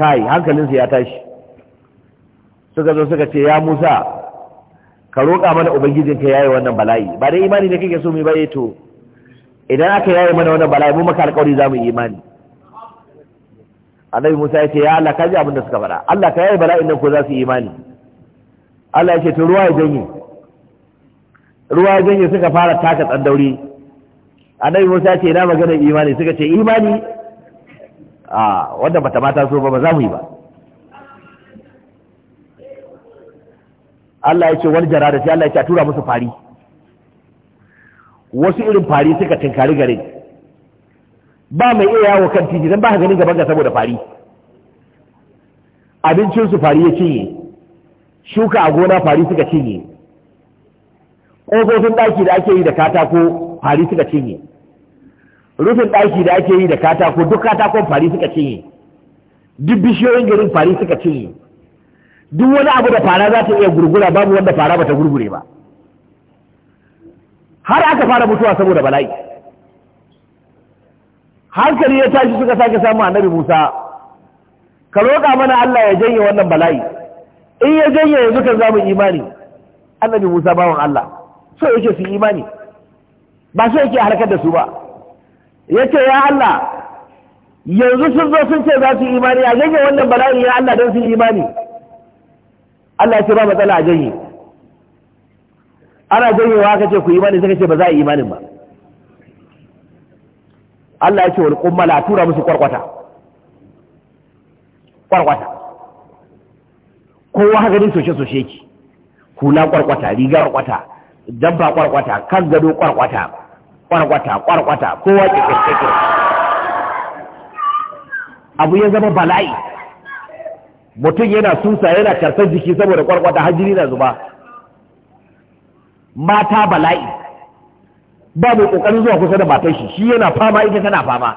kai hankalinsu ya tashi suka zo suka ce ya musa ka roƙa mana ubangijinka ya yi wannan bala'i ba dai imani da kake so mu ba eh to idan aka yaye mana wannan bala'i mu maka alƙawari za mu yi imani annabi musa ya ce ya allah ka ji abin da suka faɗa allah ka yaye bala'in nan ko za su yi imani allah ya ce to ruwa ya janye ruwa ya janye suka fara taka tsandauri annabi musa ya ce ina magana imani suka ce imani a wanda bata mata so ba ba za mu yi ba Allah ya ce wani jara da sai Allah ya ce a tura musu fari wasu irin fari suka tinkari garin ba mai iya yawo kan titi don ba ka ganin gaban ga saboda fari abincinsu fari ya cinye shuka a gona fari suka cinye ƙofofin ɗaki da ake yi da katako fari suka cinye rufin ɗaki da ake yi da katako duk katakon fari suka cinye duk bishiyoyin garin fari suka cinye duk wani abu da fara za ta iya gurgura babu wanda fara ba ta gurgure ba har aka fara mutuwa saboda bala'i hankali ya tashi suka sake samu annabi musa ka roƙa mana allah ya janye wannan bala'i in ya janye yanzu kan zamu imani annabi musa bawan allah so yake su imani ba so yake harkar da su ba ya ce ya Allah yanzu sun zo sun ce za su yi imani a ganye wannan bala'i ya Allah don su yi imani Allah ya ce ba matsala a ganye ana wa aka ce ku yi imani suka ce ba za a yi imanin ba Allah ya ce wani kummala tura musu kwarkwata kwarkwata kowa haka ne soshe-soshe ki hula kwarkwata riga kwarkwata dabba kwarkwata kan gado kwarkwata kwarkwata kwarkwata kowa ke kirkirkir abu ya zama bala'i mutum yana susa yana karsar jiki saboda kwarkwata hajjiri na zuba mata bala'i ba mai kokarin zuwa kusa da matar shi shi yana fama ita tana fama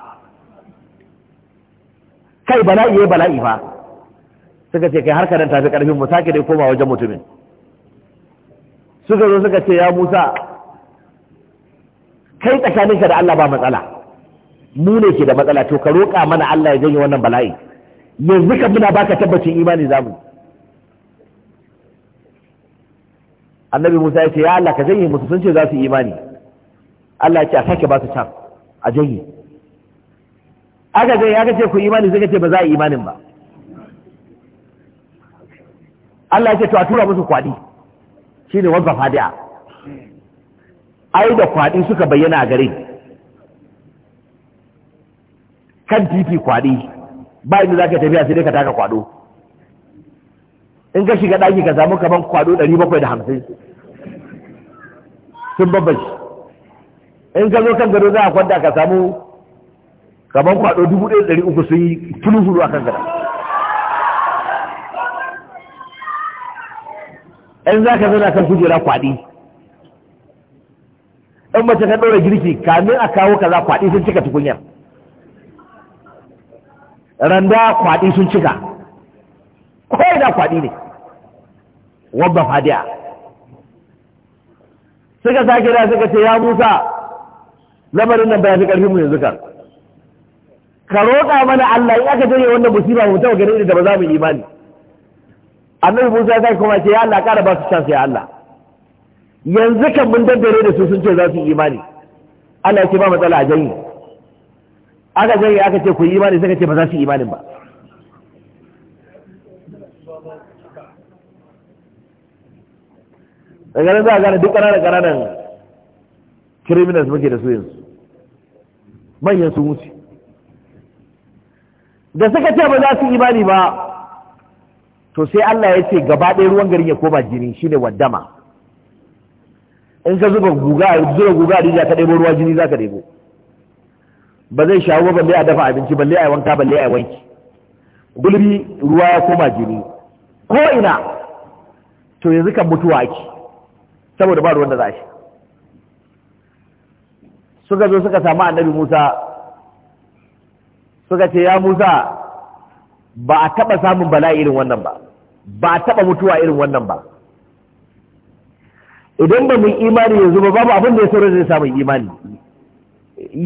kai bala'i ya bala'i fa suka ce kai harkar nan tafi karfin mu sake dai koma wajen mutumin suka zo suka ce ya musa kai tsakaninka da Allah ba matsala mu ne ke da matsala to ka roƙa mana Allah ya janye wannan bala'i yanzu kan muna baka tabbacin imani zamu annabi Musa ya ce ya Allah ka janye musu sun ce za su imani Allah ya ce a sake ba su can a janye aka ga ya ce ku imani suka ce ba za a imanin ba Allah ya ce to a tura musu kwadi shine wazzafa da'a ai da kwaɗi suka bayyana a garin kan titi kwaɗi ba inda za ka tafiya sai dai ka taka kwaɗo in ka shiga ɗaki ka samu kaman kwaɗo ɗari bakwai da hamsin sun babban shi in ka zo kan gado za a kwanta ka samu kaman kwaɗo dubu ɗaya ɗari uku sun yi hudu a kan gada in za ka zana kan kujera kwaɗi in mace ta ɗora girki kamin a kawo kaza kwaɗi sun cika tukunyar randa kwaɗi sun cika kawai da kwaɗi ne wabba fadiya suka sake da suka ce ya musa lamarin nan bayan karfin mu yanzu kan ka roƙa mana Allah in aka janye wannan musiba mu tawa garin da ba za mu imani annabi musa ya sake kuma ce ya Allah ƙara ba su chance ya Allah yanzu kan mun daddare da su sun ce za su yi imani Allah ya ce ba matsala a janye aka janye aka ce ku yi imani suka ce ba za su yi imanin ba daga nan za a gane duk ƙananan ƙananan criminals muke da su yanzu manyan su wuce da suka ce ba za su imani ba to sai Allah ya ce gaba ɗaya ruwan garin ya koma jini shine waddama in ka zuba guga a zuba guga a rijiya ka ɗebo ruwa jini za ka ɗebo ba zai shawo ba balle a dafa abinci balle a wanka balle a wanki gulbi ruwa ya koma jini ko ina to yanzu kan mutuwa ake saboda ba ruwan da za shi suka zo suka samu annabi Musa suka ce ya Musa ba a taɓa samun bala'i irin wannan ba ba a taɓa mutuwa irin wannan ba idan ba mu imani yanzu ba babu abin da ya sauran zai samun imani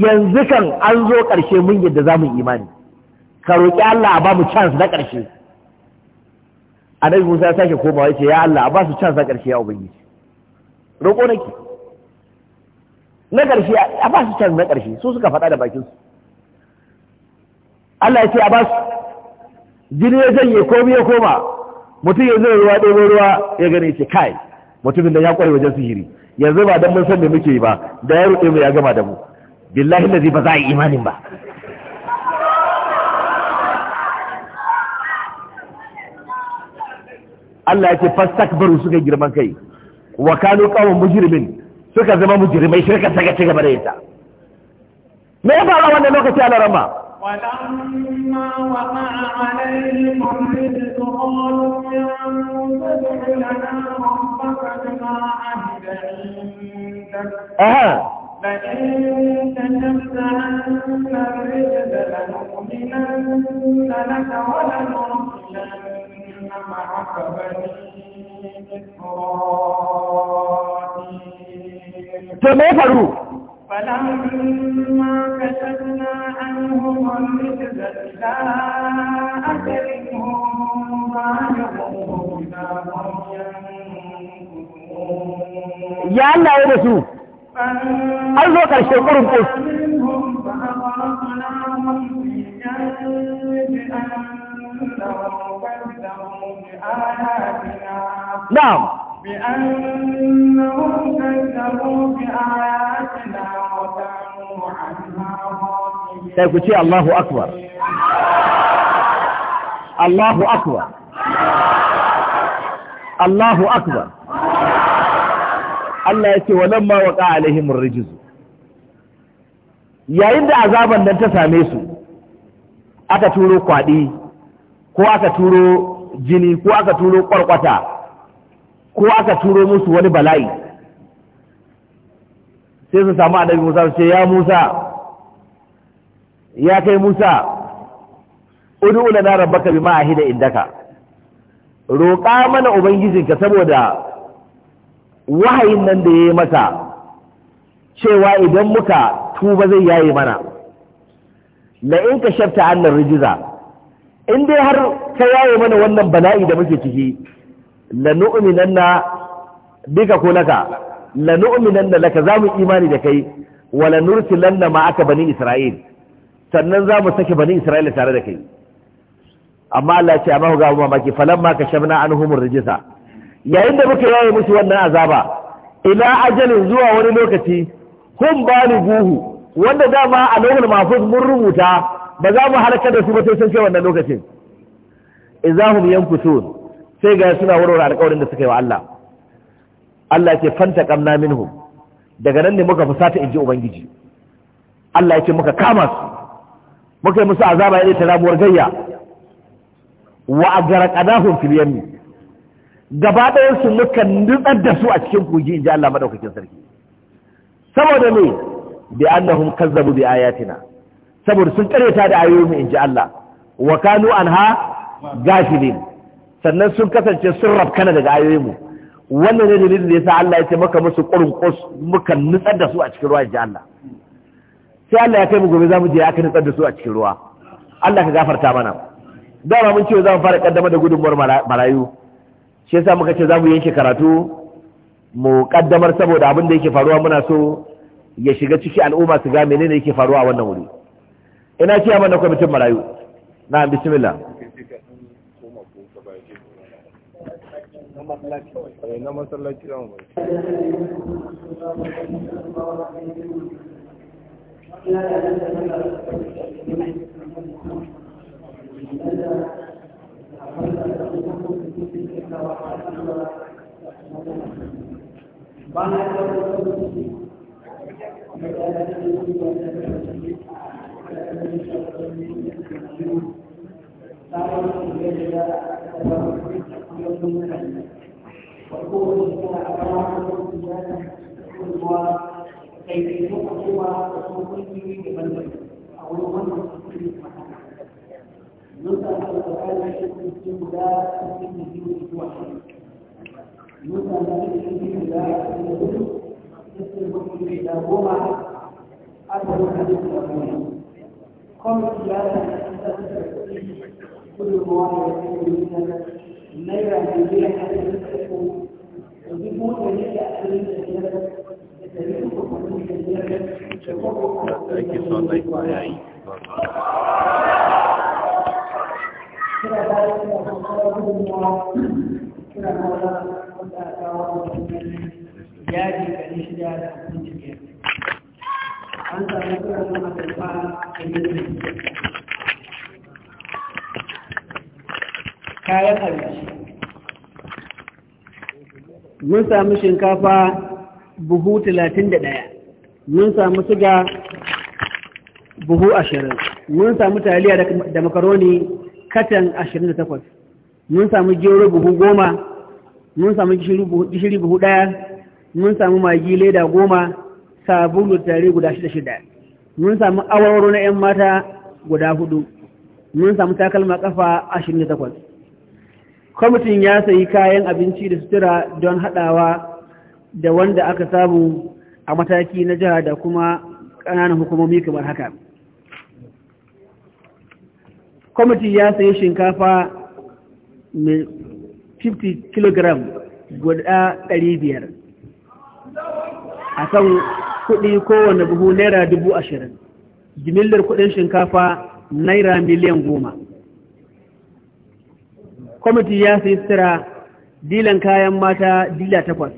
yanzu kan an zo ƙarshe mun yadda za mu imani ka roƙi Allah a ba mu chance na ƙarshe annabi Musa ya sake komawa yace ce ya Allah a ba su chance na ƙarshe ya ubangiji roƙo nake na ƙarshe a ba su chance na ƙarshe su suka faɗa da bakin su Allah ya ce a ba su jini ya janye komi ya koma mutum ya zai ruwa ɗebo ruwa ya gane ce kai mutumin da ya kware wajen sihiri yanzu ba dan mun san me muke yi ba da ya ruɗe mu ya gama da mu billahi allazi ba za a yi imanin ba Allah ya ce fastakbaru suka girman kai wa kanu qawmun mujrimin suka zama mujrimai shirka saka ci gaba da ita me ya faru wannan lokaci a larama ولما وقع عليهم الرزق قالوا يا موسى ادع لنا ربك بما عهد عندك لئن كشفت عنا الرجل لنؤمنن لك ولنرسلن معك بني إسرائيل. فلما كشفنا عنهم الرجز إلى أجلهم بالغهم يا الله يا رسول an zo ƙarshe ƙurin ƙus. Na'am. بأنهم كذبوا بآياتنا sai ku ce Allahu Akbar Allahu Akbar Allahu Akbar Allah ya ce nan ma wa ar-rijz yayin da azaban nan ta same su aka turo kwaɗi, ko aka turo jini ko aka turo ƙwarƙwata, ko aka turo musu wani bala'i sai su samu annabi Musa su ce ya Musa ya kai Musa ud'u lana rabbaka bi ahida indaka roƙa mana ubangijinka saboda wahayin nan da ya yi masa cewa idan muka tuba zai yayi mana Na in shafta annar rijiza in dai har ka yaye mana wannan bala'i da muke ciki la na bika ko laka la na laka mu imani da kai wala nursilanna ma aka bani isra'il sannan za mu sake bani isra'ila tare da kai amma Allah ce amma ga mamaki falan ma an anhumur rijisa yayin da muka yawo musu wannan azaba ila ajalin zuwa wani lokaci hum buhu wanda da ma a lokacin mafus mun rubuta ba za mu halaka da su ba sai sun kai wannan lokacin izahum yankusun sai ga suna warware alƙawarin da suka yi wa Allah Allah ce fanta kamna minhum daga nan ne muka fusata inji ubangiji Allah ya ce muka kama su muka yi musu azaba irin ta rabuwar gayya wa a filiyan ne gaba ɗayan su muka nutsar da su a cikin kogi in ji Allah madaukakin sarki saboda me bi annahum kazzabu bi ayatina saboda sun karyata da ayoyi in ji Allah wa kanu anha gafilin sannan sun kasance sun rafkana daga ayoyin mu wannan ne dalilin da yasa Allah ya ce maka musu qurun muka nutsar da su a cikin ruwa in ji Allah sai Allah ya kai mu gobe za mu je aka nutsar da su a cikin ruwa Allah ka gafarta mana dama mun ce za mu fara kaddama da gudunmuwar marayu shi yasa muka ce za mu yanke karatu mu kaddamar saboda abin da yake faruwa muna so ya shiga ciki al'umma su ga menene yake faruwa a wannan wuri ina ce mana kwamitin marayu na bismillah eh, na masallaci وقوة الله أبراهيم kai kai mu cewa su kunci ne da banda a wani wannan kunci ne mun ta da tsakanin kunci guda kunci biyu zuwa mun ta da kunci guda da hudu sai kunci ne da goma aka yi hadisi da goma kuma ya da gudunmawa da ya da naira da biyan hadisi da kuma da duk wanda yake a cikin da Thank you so shida da An samu da ba a yi Kayan abinci. Mun samu shinkafa buhu talatin da ɗaya mun samu suga buhu ashirin mun samu taliya da makaroni katan ashirin da takwas mun samu gero buhu goma mun samu gishiri buhu ɗaya mun samu magi leda goma sabulu da tare guda shida shida mun samu awaro na 'yan mata guda hudu mun samu takalma kafa ashirin da takwas kwamitin ya sayi kayan abinci da sutura don haɗawa da wanda aka samu a mataki na jiha da kuma ƙananan hukumomi kamar haka kwamiti ya sayi shinkafa mai 50 kg guda 500 a kan kuɗi kowane buhu naira dubu ashirin jimillar kuɗin shinkafa naira miliyan goma kwamiti ya sayi sira dilan kayan mata dila takwas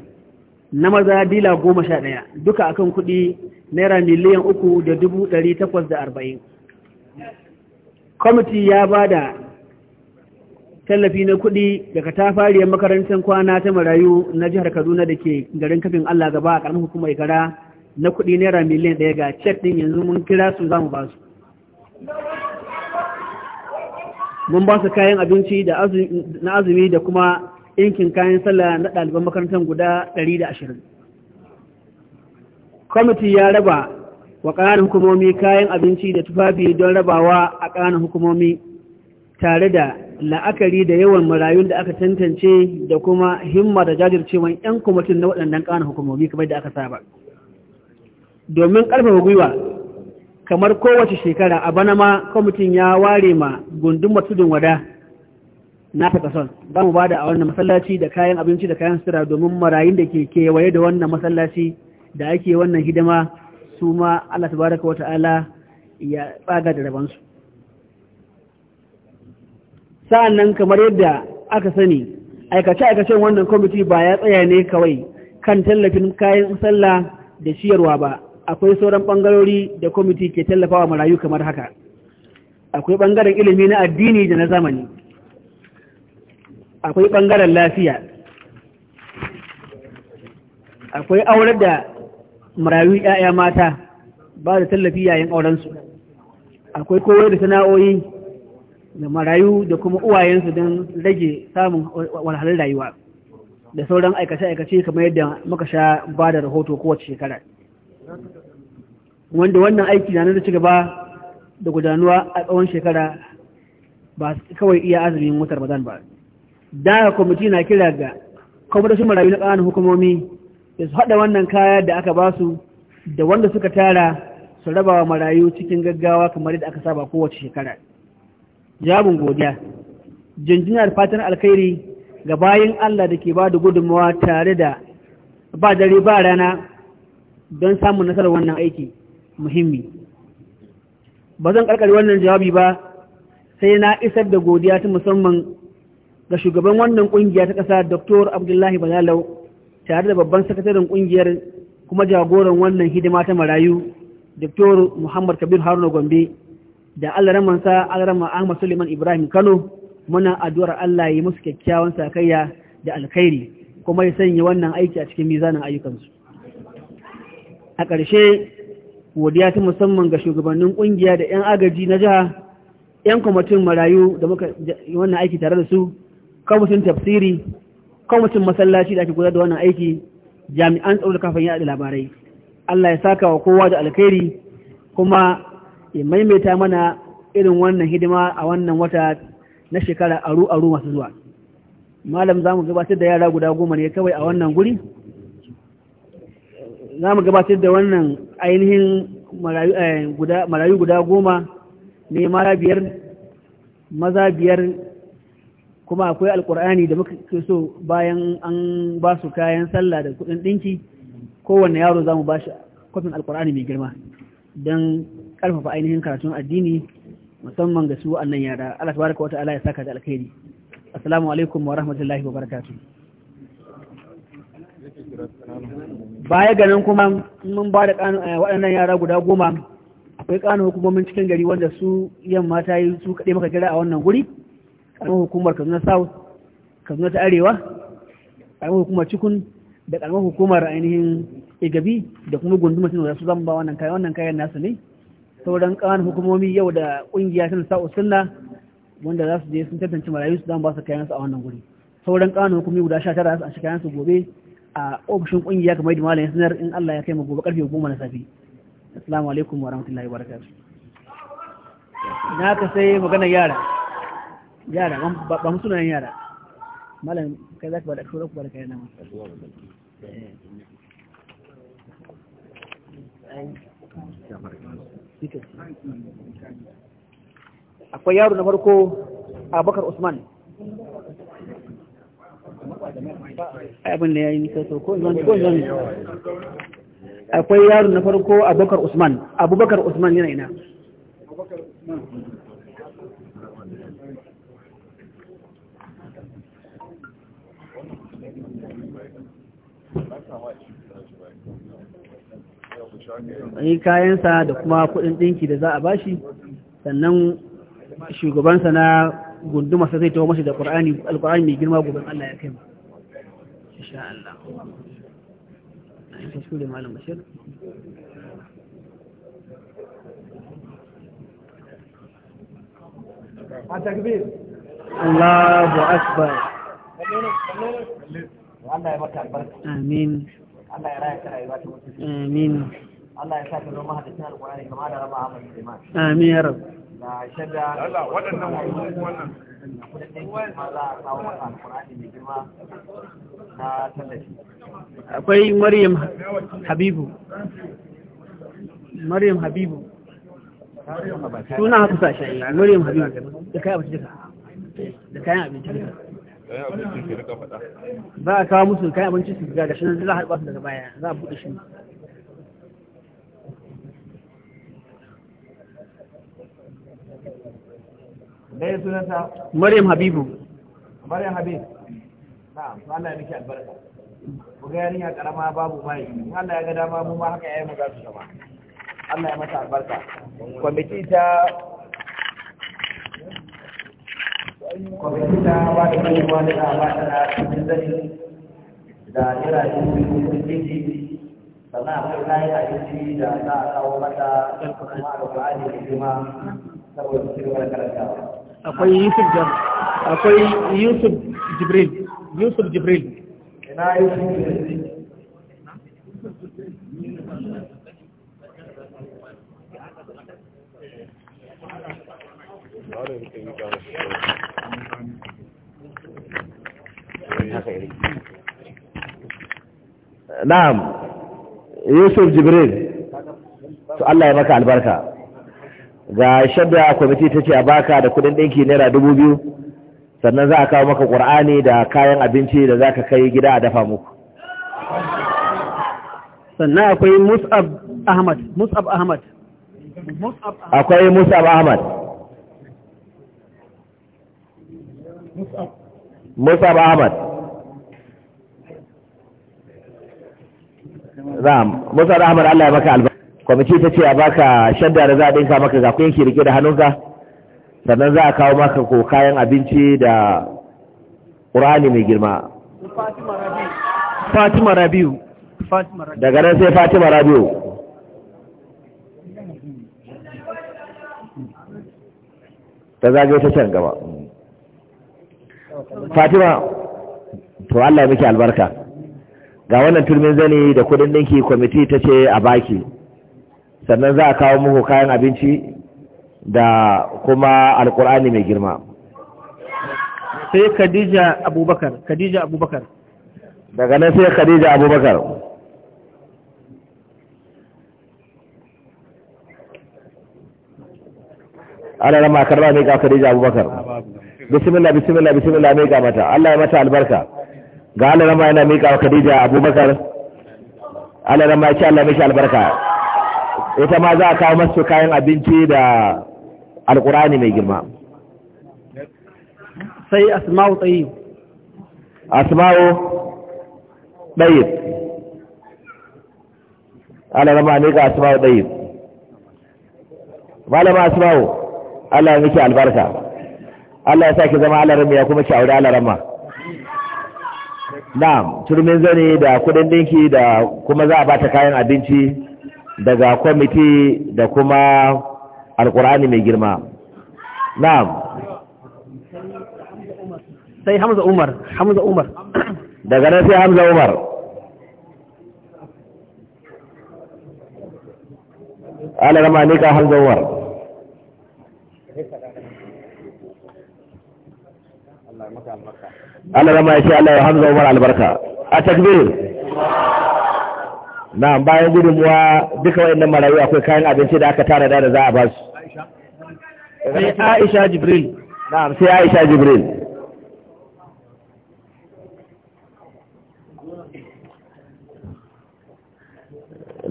na maza dila goma sha ɗaya duka akan kuɗi naira miliyan uku da dubu ɗari takwas da arba'in kwamiti ya ba da tallafi na kuɗi daga fariyar makarantar kwana ta marayu na jihar kaduna da ke garin kafin allah gaba a ƙaramin hukumar gara na kuɗi naira miliyan ɗaya ga cek ɗin yanzu mun kira su za mu ba su mun ba su kayan abinci na azumi da kuma Yankin kayan sallah na ɗaliban makarantar guda 120 kwamiti ya raba wa ƙananan hukumomi kayan abinci da tufafi don rabawa a ƙananan hukumomi tare da la'akari da yawan marayun da aka tantance da kuma himma da jajircewan 'yan kwamitin na waɗannan ƙananan hukumomi kamar da aka saba domin ƙarfafa gwiwa kamar kowace shekara a bana ma kwamitin ya ware ma gundumar tudun wada na ta kason za mu bada a wannan masallaci da kayan abinci da kayan sutura domin marayun da ke kewaye da wannan masallaci da ake wannan hidima su ma Allah tabaraka wa ta'ala ya tsaga da rabansu sa'an nan kamar yadda aka sani aikace-aikacen wannan kwamiti ba ya tsaya ne kawai kan tallafin kayan sallah da ciyarwa ba akwai sauran bangarori da kwamiti ke tallafawa marayu kamar haka akwai bangaren ilimi na addini da na zamani akwai ɓangaren lafiya akwai aure da marayu 'ya'ya mata ba da tallafi yayin aurensu akwai koyar da sana'o'i da marayu da kuma uwayensu don rage samun wahalar rayuwa da sauran aikace-aikace kamar yadda muka sha ba da rahoto kowace shekara wanda wannan aiki na da ci gaba da gudanuwa a tsawon shekara ba kawai iya azumin wutar bazan ba da kwamiti na kira ga kwamitocin marayu na ƙananan hukumomi da su haɗa wannan kaya da aka ba su da wanda suka tara su raba wa marayu cikin gaggawa kamar yadda aka saba kowace shekara jabin godiya jinjina fatan alkhairi ga bayan Allah da ke ba da gudunmawa tare da ba dare ba rana don samun nasarar wannan aiki muhimmi ba zan karkar wannan jawabi ba sai na isar da godiya ta musamman ga shugaban wannan kungiya ta kasa Dr. Abdullahi Balalau tare da babban sakataren kungiyar kuma jagoran wannan hidima ta marayu Dr. Muhammad Kabir Haruna Gombe da Allah alarama Ahmad Suleiman Ibrahim Kano muna addu'ar Allah ya musu kyakkyawan sakayya da alkhairi kuma ya sanya wannan aiki a cikin mizanin ayyukansu. A ƙarshe godiya ta musamman ga shugabannin kungiya da 'yan agaji na jiha 'yan kwamitin marayu da wannan aiki tare da su mutum tafsiri mutum masallaci da ake gudanar da wannan aiki jami'an tsaro da kafin yaɗa labarai Allah ya saka wa kowa da alkhairi kuma ya maimaita mana irin wannan hidima a wannan wata na shekara aru aru masu zuwa malam za mu gabatar da yara guda goma ne kawai a wannan guri za mu gabatar da wannan ainihin marayu eh, guda goma ne mara biyar maza biyar kuma akwai alkur'ani da muka so bayan an ba su kayan sallah da kudin dinki kowanne yaro za mu ba shi kwafin alkur'ani mai girma don karfafa ainihin karatun addini musamman ga su annan yara Allah tabaraka wa ta'ala ya saka da alkhairi assalamu alaikum wa rahmatullahi wa baya ganin kuma mun ba da eh, waɗannan yara guda goma akwai kanu hukumomin cikin gari wanda su yamma ta yi su kaɗai maka kira a wannan guri ƙaramar hukumar kaduna south kaduna ta arewa ƙaramar hukumar cikun da ƙaramar hukumar ainihin igabi da kuma gunduma da su zan ba wannan kayan wannan kayan nasu ne sauran ƙananan hukumomi yau da ƙungiya sun sa usunna wanda za su je sun tantance marayu su zan ba su kayan su a wannan guri sauran ƙananan hukumomi guda sha tara a kayan su gobe a ofishin ƙungiya kamar da malamin sanar in Allah ya kai mu gobe karfe goma na safe assalamu alaikum wa rahmatullahi wa barakatuh na ka sai magana yara yara ba mutu nan yara malam kai zaka bada shura ku bada kai nan eh. akwai yaro na farko abubakar usman abin da ya yi nisa ko akwai yaro na farko abubakar usman abubakar usman yana ina yi kayansa da kuma kudin dinki da za a bashi sannan shugabansa na gunduma sa zai tawo mashi da Qur'ani alqur'ani mai girma gobe Allah ya kai mu insha Allah shi malam bashir التكبير الله أكبر Allah ya maka albarka amin Allah ya raya ka rayuwa ta mutunci amin Allah ya sa ka zama hadisin alqur'ani kamar da raba Ahmad Suleiman amin ya rabu Allah waɗannan wannan akwai maryam habibu maryam habibu suna haka sashen maryam habibu da kayan abinci da kayan abinci za a kawo musu kayan abinci su ga shi za a haɗu su daga baya za a buɗe shi ɗaya sunanta maryam habibu maryam habib na Allah ya miki albarka ku ga yarinya karama babu mai in Allah ya ga dama mu ma haka yayi mu za su zama Allah ya mata albarka kwamiti ta kwamitina ba da kuma da na ba da na cikin zani da jiragen jirgin jirgi sannan akwai kayan abinci da za a kawo mata kuma da ƙwa'ani da saboda su girma Akwai Yusuf Jam, akwai Yusuf Jibril, Yusuf Jibril. Ina Yusuf Jibril. na'am yusuf jibril to Allah ya maka albarka ga shadda kwamiti ta ce a baka da kudin ɗinki naira dubu biyu sannan za a kawo maka ƙur'ani da kayan abinci da za ka kai gida a dafa muku sannan akwai mus'ab ahmad mus'ab ahmad akwai mus'ab ahmad mus'ab ahmad a musa rahmar Allah ya maka albarka kwamiti ta ce a baka shadda da za a dinka maka ga kuyanki rike da hannunka sannan za a kawo maka ko kayan abinci da ƙurani mai girma fatima rabiu daga nan sai fatima rabiu ta zagaye ta can gaba fatima to Allah ya miki albarka ga wannan turmin zane da kudin ɗinki kwamiti ta ce a baki sannan za a kawo muku kayan abinci da kuma alkur'ani mai girma sai khadija abubakar khadija abubakar daga nan sai khadija abubakar ana rama karba ne ga khadija abubakar bismillah bismillah bismillah mai ga mata Allah ya mata albarka ga alarama yana miƙa wa khadija abubakar alarama ya ce allah mishi albarka ita ma za a kawo masu kayan abinci da alkurani mai girma sai asma'u tsayi asma'u ɗayi alarama ne ga asma'u ɗayi malama asma'u allah ya miki albarka allah ya sa ki zama alarama ya kuma ki aure alarama na'am turmin zane da kudin dinki da kuma za a bata kayan abinci daga kwamiti da kuma alkur'ani mai girma na'am sai hamza umar hamza umar daga nan sai hamza umar ala rama ka hamza umar Allah rama ya ce Allah ya hamza umar albarka a takbir na bayan gudunmuwa duka wa'annan marayu akwai kayan abinci da aka tara da za a ba su sai Aisha Jibril na'am sai Aisha Jibril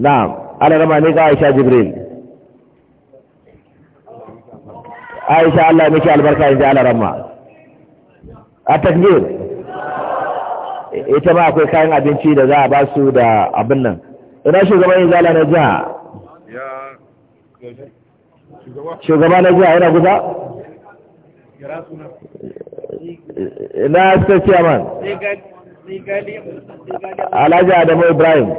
na'am Allah rama ne ga Aisha Jibril Aisha Allah ya miki albarka inda Allah rama a takbir ita ma akwai kayan abinci da za a ba su da abin nan ina shugaban zala na jiha shugaba na jiha yana guda ina state man alhaji adamu ibrahim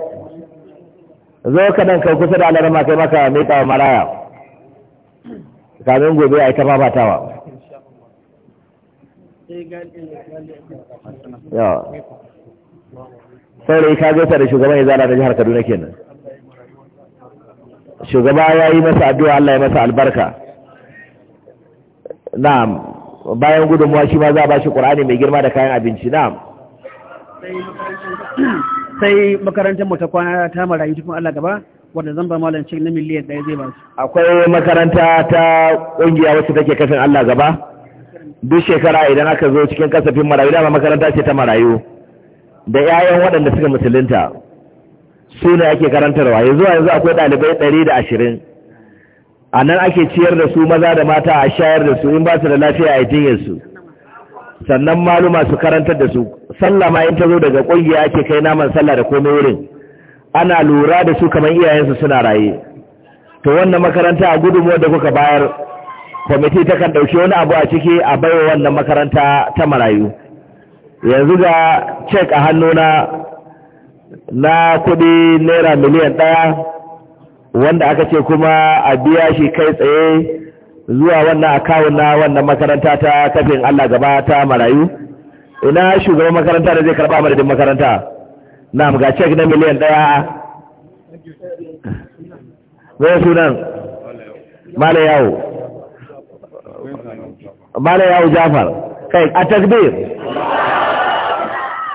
zo ka nan kai kusa da alarma kai maka mai tsawon maraya kamin gobe a ita fafatawa yawa saurayi ka gaisa da shugaban ya zana da jihar kaduna kenan shugaba ya yi masa addu'a Allah ya masa albarka na'am bayan gudunmuwa shi ma za a ba shi ƙur'ani mai girma da kayan abinci na'am sai makarantar mu ta kwana ta marayu tukun Allah gaba wadda zan ba malam na miliyan ɗaya zai ba su akwai makaranta ta ƙungiya wasu take kafin Allah gaba duk shekara idan aka zo cikin kasafin marayu dama makaranta ce ta marayu da 'ya'yan waɗanda suka musulunta su ne ake karantarwa yanzu zuwa yanzu akwai ɗalibai ɗari da ashirin a nan ake ciyar da su maza da mata a shayar da su in ba su da lafiya a su. sannan maluma su karantar da su sallah ma in ta zo daga ƙungiya ake kai naman sallah da komai wurin ana lura da su kamar iyayensu suna raye to wannan makaranta a gudunmuwar da kuka bayar kwamiti ta kan ɗauki wani abu a ciki a baiwa wannan makaranta ta marayu yanzu ga cek a hannuna na kudi naira miliyan ɗaya wanda aka ce kuma a biya shi kai tsaye zuwa wannan akawun na wannan makaranta ta kafin Allah gaba ta marayu ina shugaban makaranta da zai karɓa madadin makaranta na ga cek na miliyan ɗaya zai sunan malayawo. bala yawo jafar kai a takbir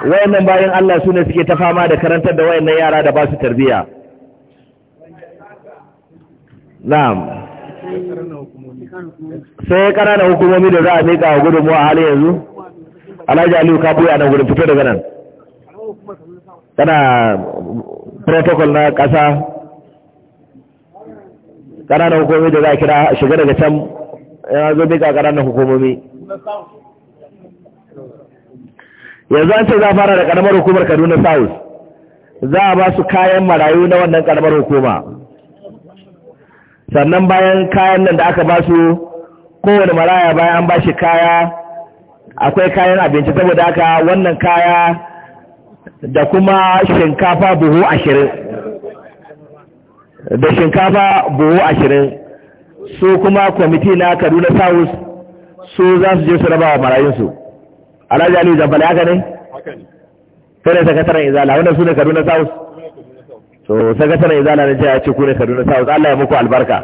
wayannan bayan Allah su ne suke ta fama da karantar da wayannan yara da ba su tarbiya na'am sai ƙananan hukumomi da za a miƙa a gudunmu a hali yanzu alhaji aliyu ka buya nan gudun fito daga nan kana protocol na ƙasa ƙananan hukumomi da za a kira shiga daga can ya zo duka na hukumomi yanzu an ce za fara da karamar hukumar kaduna south za a ba su kayan marayu na wannan karamar hukuma sannan bayan kayan nan da aka ba su kowane maraya bayan an ba shi kaya akwai kayan abinci saboda aka wannan kaya da kuma shinkafa buhu ashirin da shinkafa buhu ashirin su kuma kwamiti na kaduna south su za su je su raba wa marayunsu alhaji aliyu zamfara haka ne kai ne sakataren izala wannan su ne kaduna south so sakataren izala na jiya ya ce ku ne kaduna south allah ya muku albarka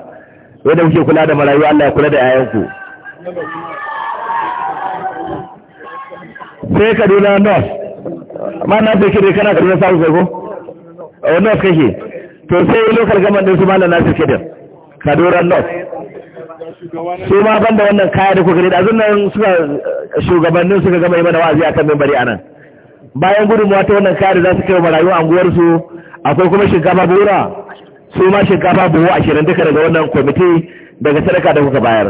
wanda kuke kula da marayu allah ya kula da 'ya'yanku sai kaduna north ma na fi kire kana kaduna south ko oh, north kake to sai yi lokal gaman din su na nasir kidan kaduran north su ma ban da wannan kaya da kuka da nan suka shugabannin suka gama yi mana wa'azi akan mimbari a nan bayan gudunmuwa ta wannan kaya da za su kai wa marayu anguwarsu akwai kuma shinkafa bura su ma shinkafa buhu ashirin duka daga wannan kwamiti daga sadaka da kuka bayar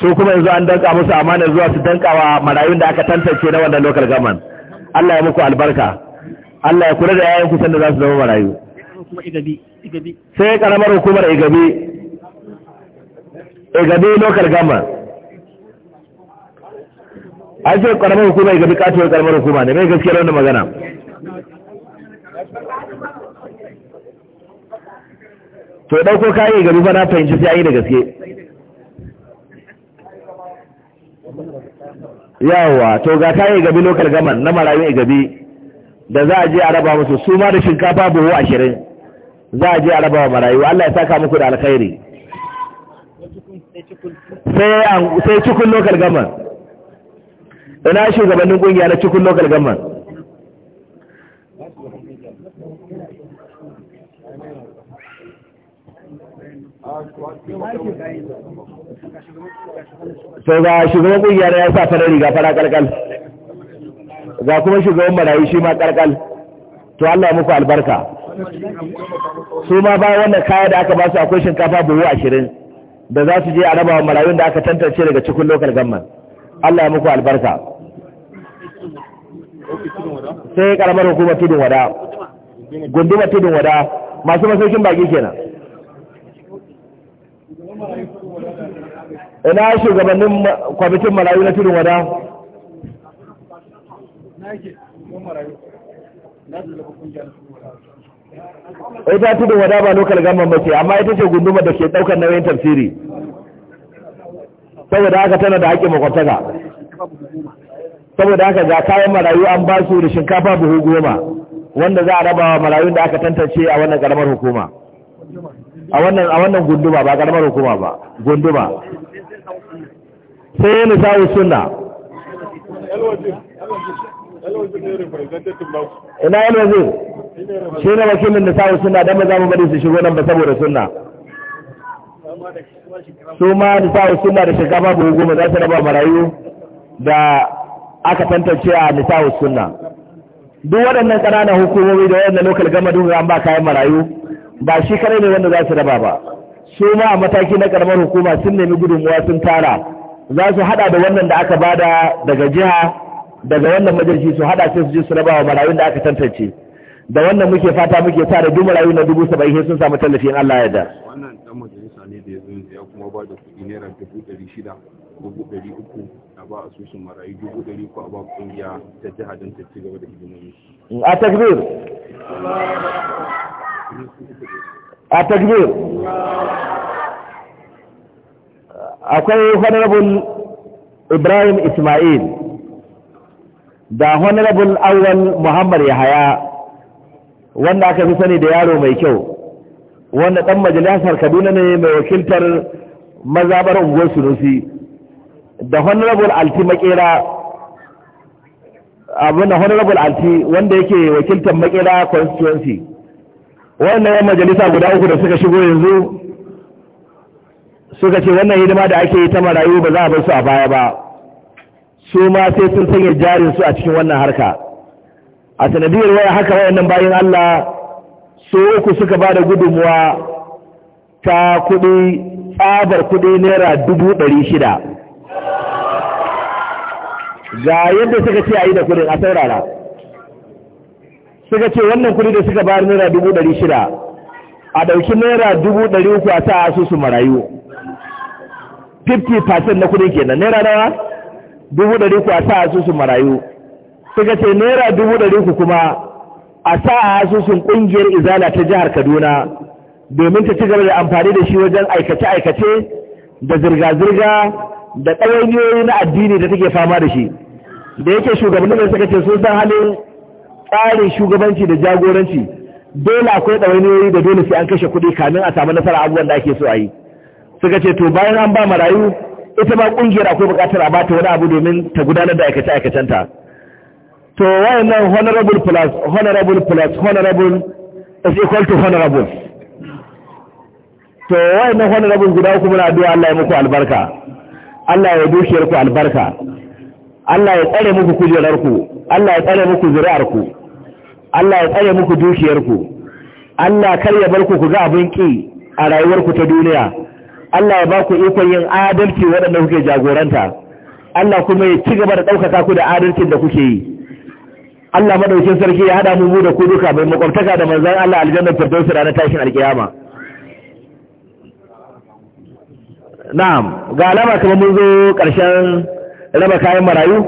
su kuma yanzu an danka musu amana zuwa su danka wa marayun da aka tantance na wannan local gaman Allah ya muku albarka Allah ya kula da yayan kusan da za su zama marayu sai karamar hukumar igabi igabi lokar gama an ce karamar hukuma igabi katuwar karamar hukuma ne mai gaskiyar wanda magana to ɗauko kayi igabi fa na fahimci sai an yi da gaske yawa to ga kayan igabi lokar gama na marayun igabi da za a je a raba musu su ma da shinkafa buhu ashirin za a je a raba wa marayu Allah ya saka muku da alkhairi sai cikin local government ina shugabannin kungiya na cikin local government Sai ga shugaban kungiya na ya sa farar riga fara kalkal ga kuma shugaban marayu shi ma kalkal to Allah muku albarka su ma bayan wannan kaya da aka ba su akwai shinkafa buhu ashirin da za su je a raba marayun da aka tantance daga cikin lokal gamman Allah ya muku albarka sai karamar hukumar tudun wada gundumar tudun wada masu masaukin baki kenan ina shugabannin kwamitin marayu na tudun wada na ta tudun wada ba lokal gamman ba ce amma ita ce gunduma da ke ɗaukar nauyin tafsiri saboda haka tana da haƙƙin makwataka saboda haka ga kayan marayu an ba su da shinkafa buhu goma wanda za a raba wa marayun da aka tantance a wannan ƙaramar hukuma a wannan gunduma ba ƙaramar hukuma ba gunduma sai yi nisa suna ina yana yanzu shi ne wakilin da sa'u suna don maza mu bari su shigo nan ba saboda suna su ma da sa'u suna da shinkafa buhu goma za su raba marayu da aka tantance a nisa'u suna duk waɗannan ƙananan hukumomi da waɗannan lokal gama duk an ba kayan marayu ba shi kare ne wanda za su raba ba su ma a mataki na ƙaramar hukuma sun nemi gudunmuwa sun tara za su haɗa da wannan da aka bada daga jiha daga wannan majalisi su hada sai su je su raba wa marayun da aka tantance da wannan muke fata muke tare da marayun na dubu saba'in sun samu tallafin Allah ya da wannan dan majalisa ne da yanzu ya kuma ba da kuɗi naira dubu ɗari shida dubu ɗari uku a ba asusun marayu dubu ɗari ko a ba ƙungiya ta jiha don ta ci gaba da hidimomi. a takbir a takbir akwai honorable ibrahim ismail da honorable awwal muhammad yahaya wanda aka fi sani da yaro mai kyau wanda ɗan majalisar kaduna ne mai wakiltar mazabar unguwar sunusi da honorable alti makera abin da honorable alti wanda yake wakiltar makera constituency wannan yan majalisa guda uku da suka shigo yanzu suka ce wannan hidima da ake yi ta marayu ba za a bar su a baya ba su ma sai sun sanya jarin su a cikin wannan harka a sanadiyar waya haka wayannan bayan Allah su uku suka ba da gudunmuwa ta kuɗi tsabar kuɗi naira dubu ɗari shida ga yadda suka ce a yi da kuɗin a saurara suka ce wannan kuɗi da suka bayar naira dubu ɗari shida a ɗauki naira dubu ɗari uku a sa asusu marayu 50% na kuɗin kenan naira nawa dubu ɗari ku a sa asusun marayu suka ce naira dubu ɗari ku kuma a sa asusun ƙungiyar izala ta jihar kaduna domin ta ci gaba da amfani da shi wajen aikace-aikace da zirga-zirga da ɗawainiyoyi na addini da take fama da shi da yake shugabannin da suka ce sun san halin tsarin shugabanci da jagoranci dole akwai ɗawainiyoyi da dole sai an kashe kuɗi kamin a samu nasara abubuwan da ake so a yi suka ce to bayan an ba marayu ita ba ƙungiyar akwai buƙatar a ba ta wani abu domin ta gudanar da aikace-aikacenta to nan honorable plus honorable plus honorable is equal to honorable to nan honorable guda kuma na addu'a Allah ya muku albarka Allah ya dukiyar ku albarka Allah ya tsare muku kujerar ku Allah ya tsare muku zuri'ar ku Allah ya tsare muku dukiyar ku Allah kar ya bar ku ku ga abin ki a rayuwar ku ta duniya Allah ya ba ku ikon yin adalci waɗanda kuke jagoranta Allah kuma ya ci gaba da ɗaukaka ku da adalcin da kuke yi Allah maɗaukin sarki ya haɗa mu da ku duka mai makwabtaka da manzan Allah aljannar firdausi ranar tashin alƙiyama. na'am ga alama kamar mun zo ƙarshen raba kayan marayu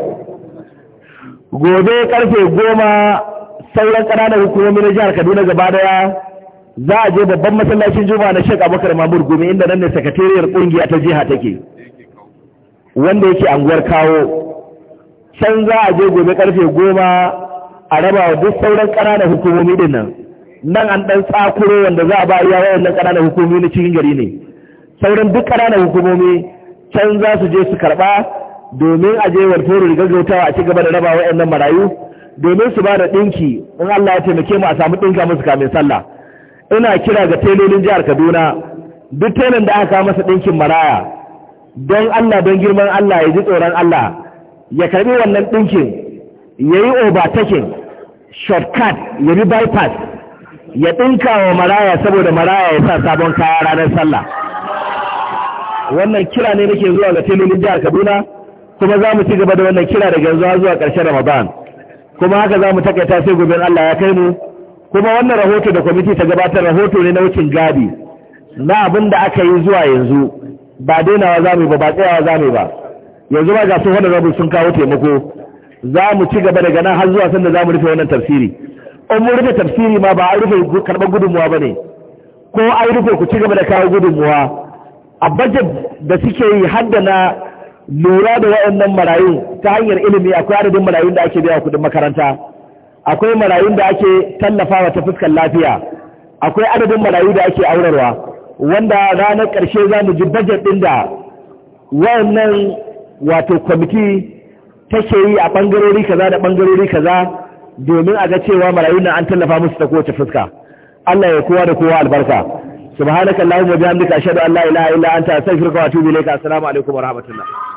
gobe ƙarfe, goma sauran ƙananan hukumomi na jihar kaduna gaba daya za a je babban masallacin Juma na shek abokar Mamur Gumi inda nan ne sakatariyar kungiya ta jiha take wanda yake anguwar kawo can za a je gobe karfe goma a raba wa duk sauran ƙananan hukumomi din nan nan an ɗan tsakuro wanda za a ba iya wayannan ƙananan hukumomi na cikin gari ne sauran duk ƙananan hukumomi can za su je su karɓa domin a je wartoro rigar gaggautawa a ci gaba da raba wayannan marayu domin su ba da ɗinki in Allah ya taimake mu a samu ɗinka musu kamin sallah ina kira ga telolin jihar kaduna duk telan da aka masa ɗinkin maraya don allah don girman allah ya ji tsoron allah ya karbi wannan ɗinkin ya yi overtaking shortcut ya bi bypass ya ɗinka wa maraya saboda maraya ya sa sabon kaya ranar sallah wannan kira ne nake zuwa ga telolin jihar kaduna kuma za mu ci gaba da wannan kira daga yanzu zuwa ƙarshen ramadan kuma haka za mu takaita sai gobe allah ya kai mu kuma wannan rahoto da kwamiti ta gabatar rahoto ne na wucin gadi na abin da aka yi zuwa yanzu ba dainawa za mu ba ba tsayawa za mu ba yanzu ba ga sun wani rabu sun kawo taimako za mu ci gaba daga nan har zuwa sanda za mu rufe wannan tafsiri in mun rufe tafsiri ma ba a rufe karɓar gudunmuwa ba ne ko an rufe ku ci gaba da kawo gudunmuwa a bajet da suke yi da na lura da waɗannan marayu ta hanyar ilimi akwai adadin marayun da ake biya kuɗin makaranta akwai marayun da ake tallafawa ta fuskar lafiya akwai adadin marayu da ake aurarwa wanda ranar karshe za mu ji bajet ɗin da wannan wato kwamiti take yi a ɓangarori kaza da ɓangarori kaza domin a ga cewa marayu na an tallafa musu ta kowace fuska Allah ya kowa da kowa albarka subhanakallahumma bihamdika ashhadu an la ilaha illa anta astaghfiruka wa atubu ilayka assalamu alaikum wa rahmatullah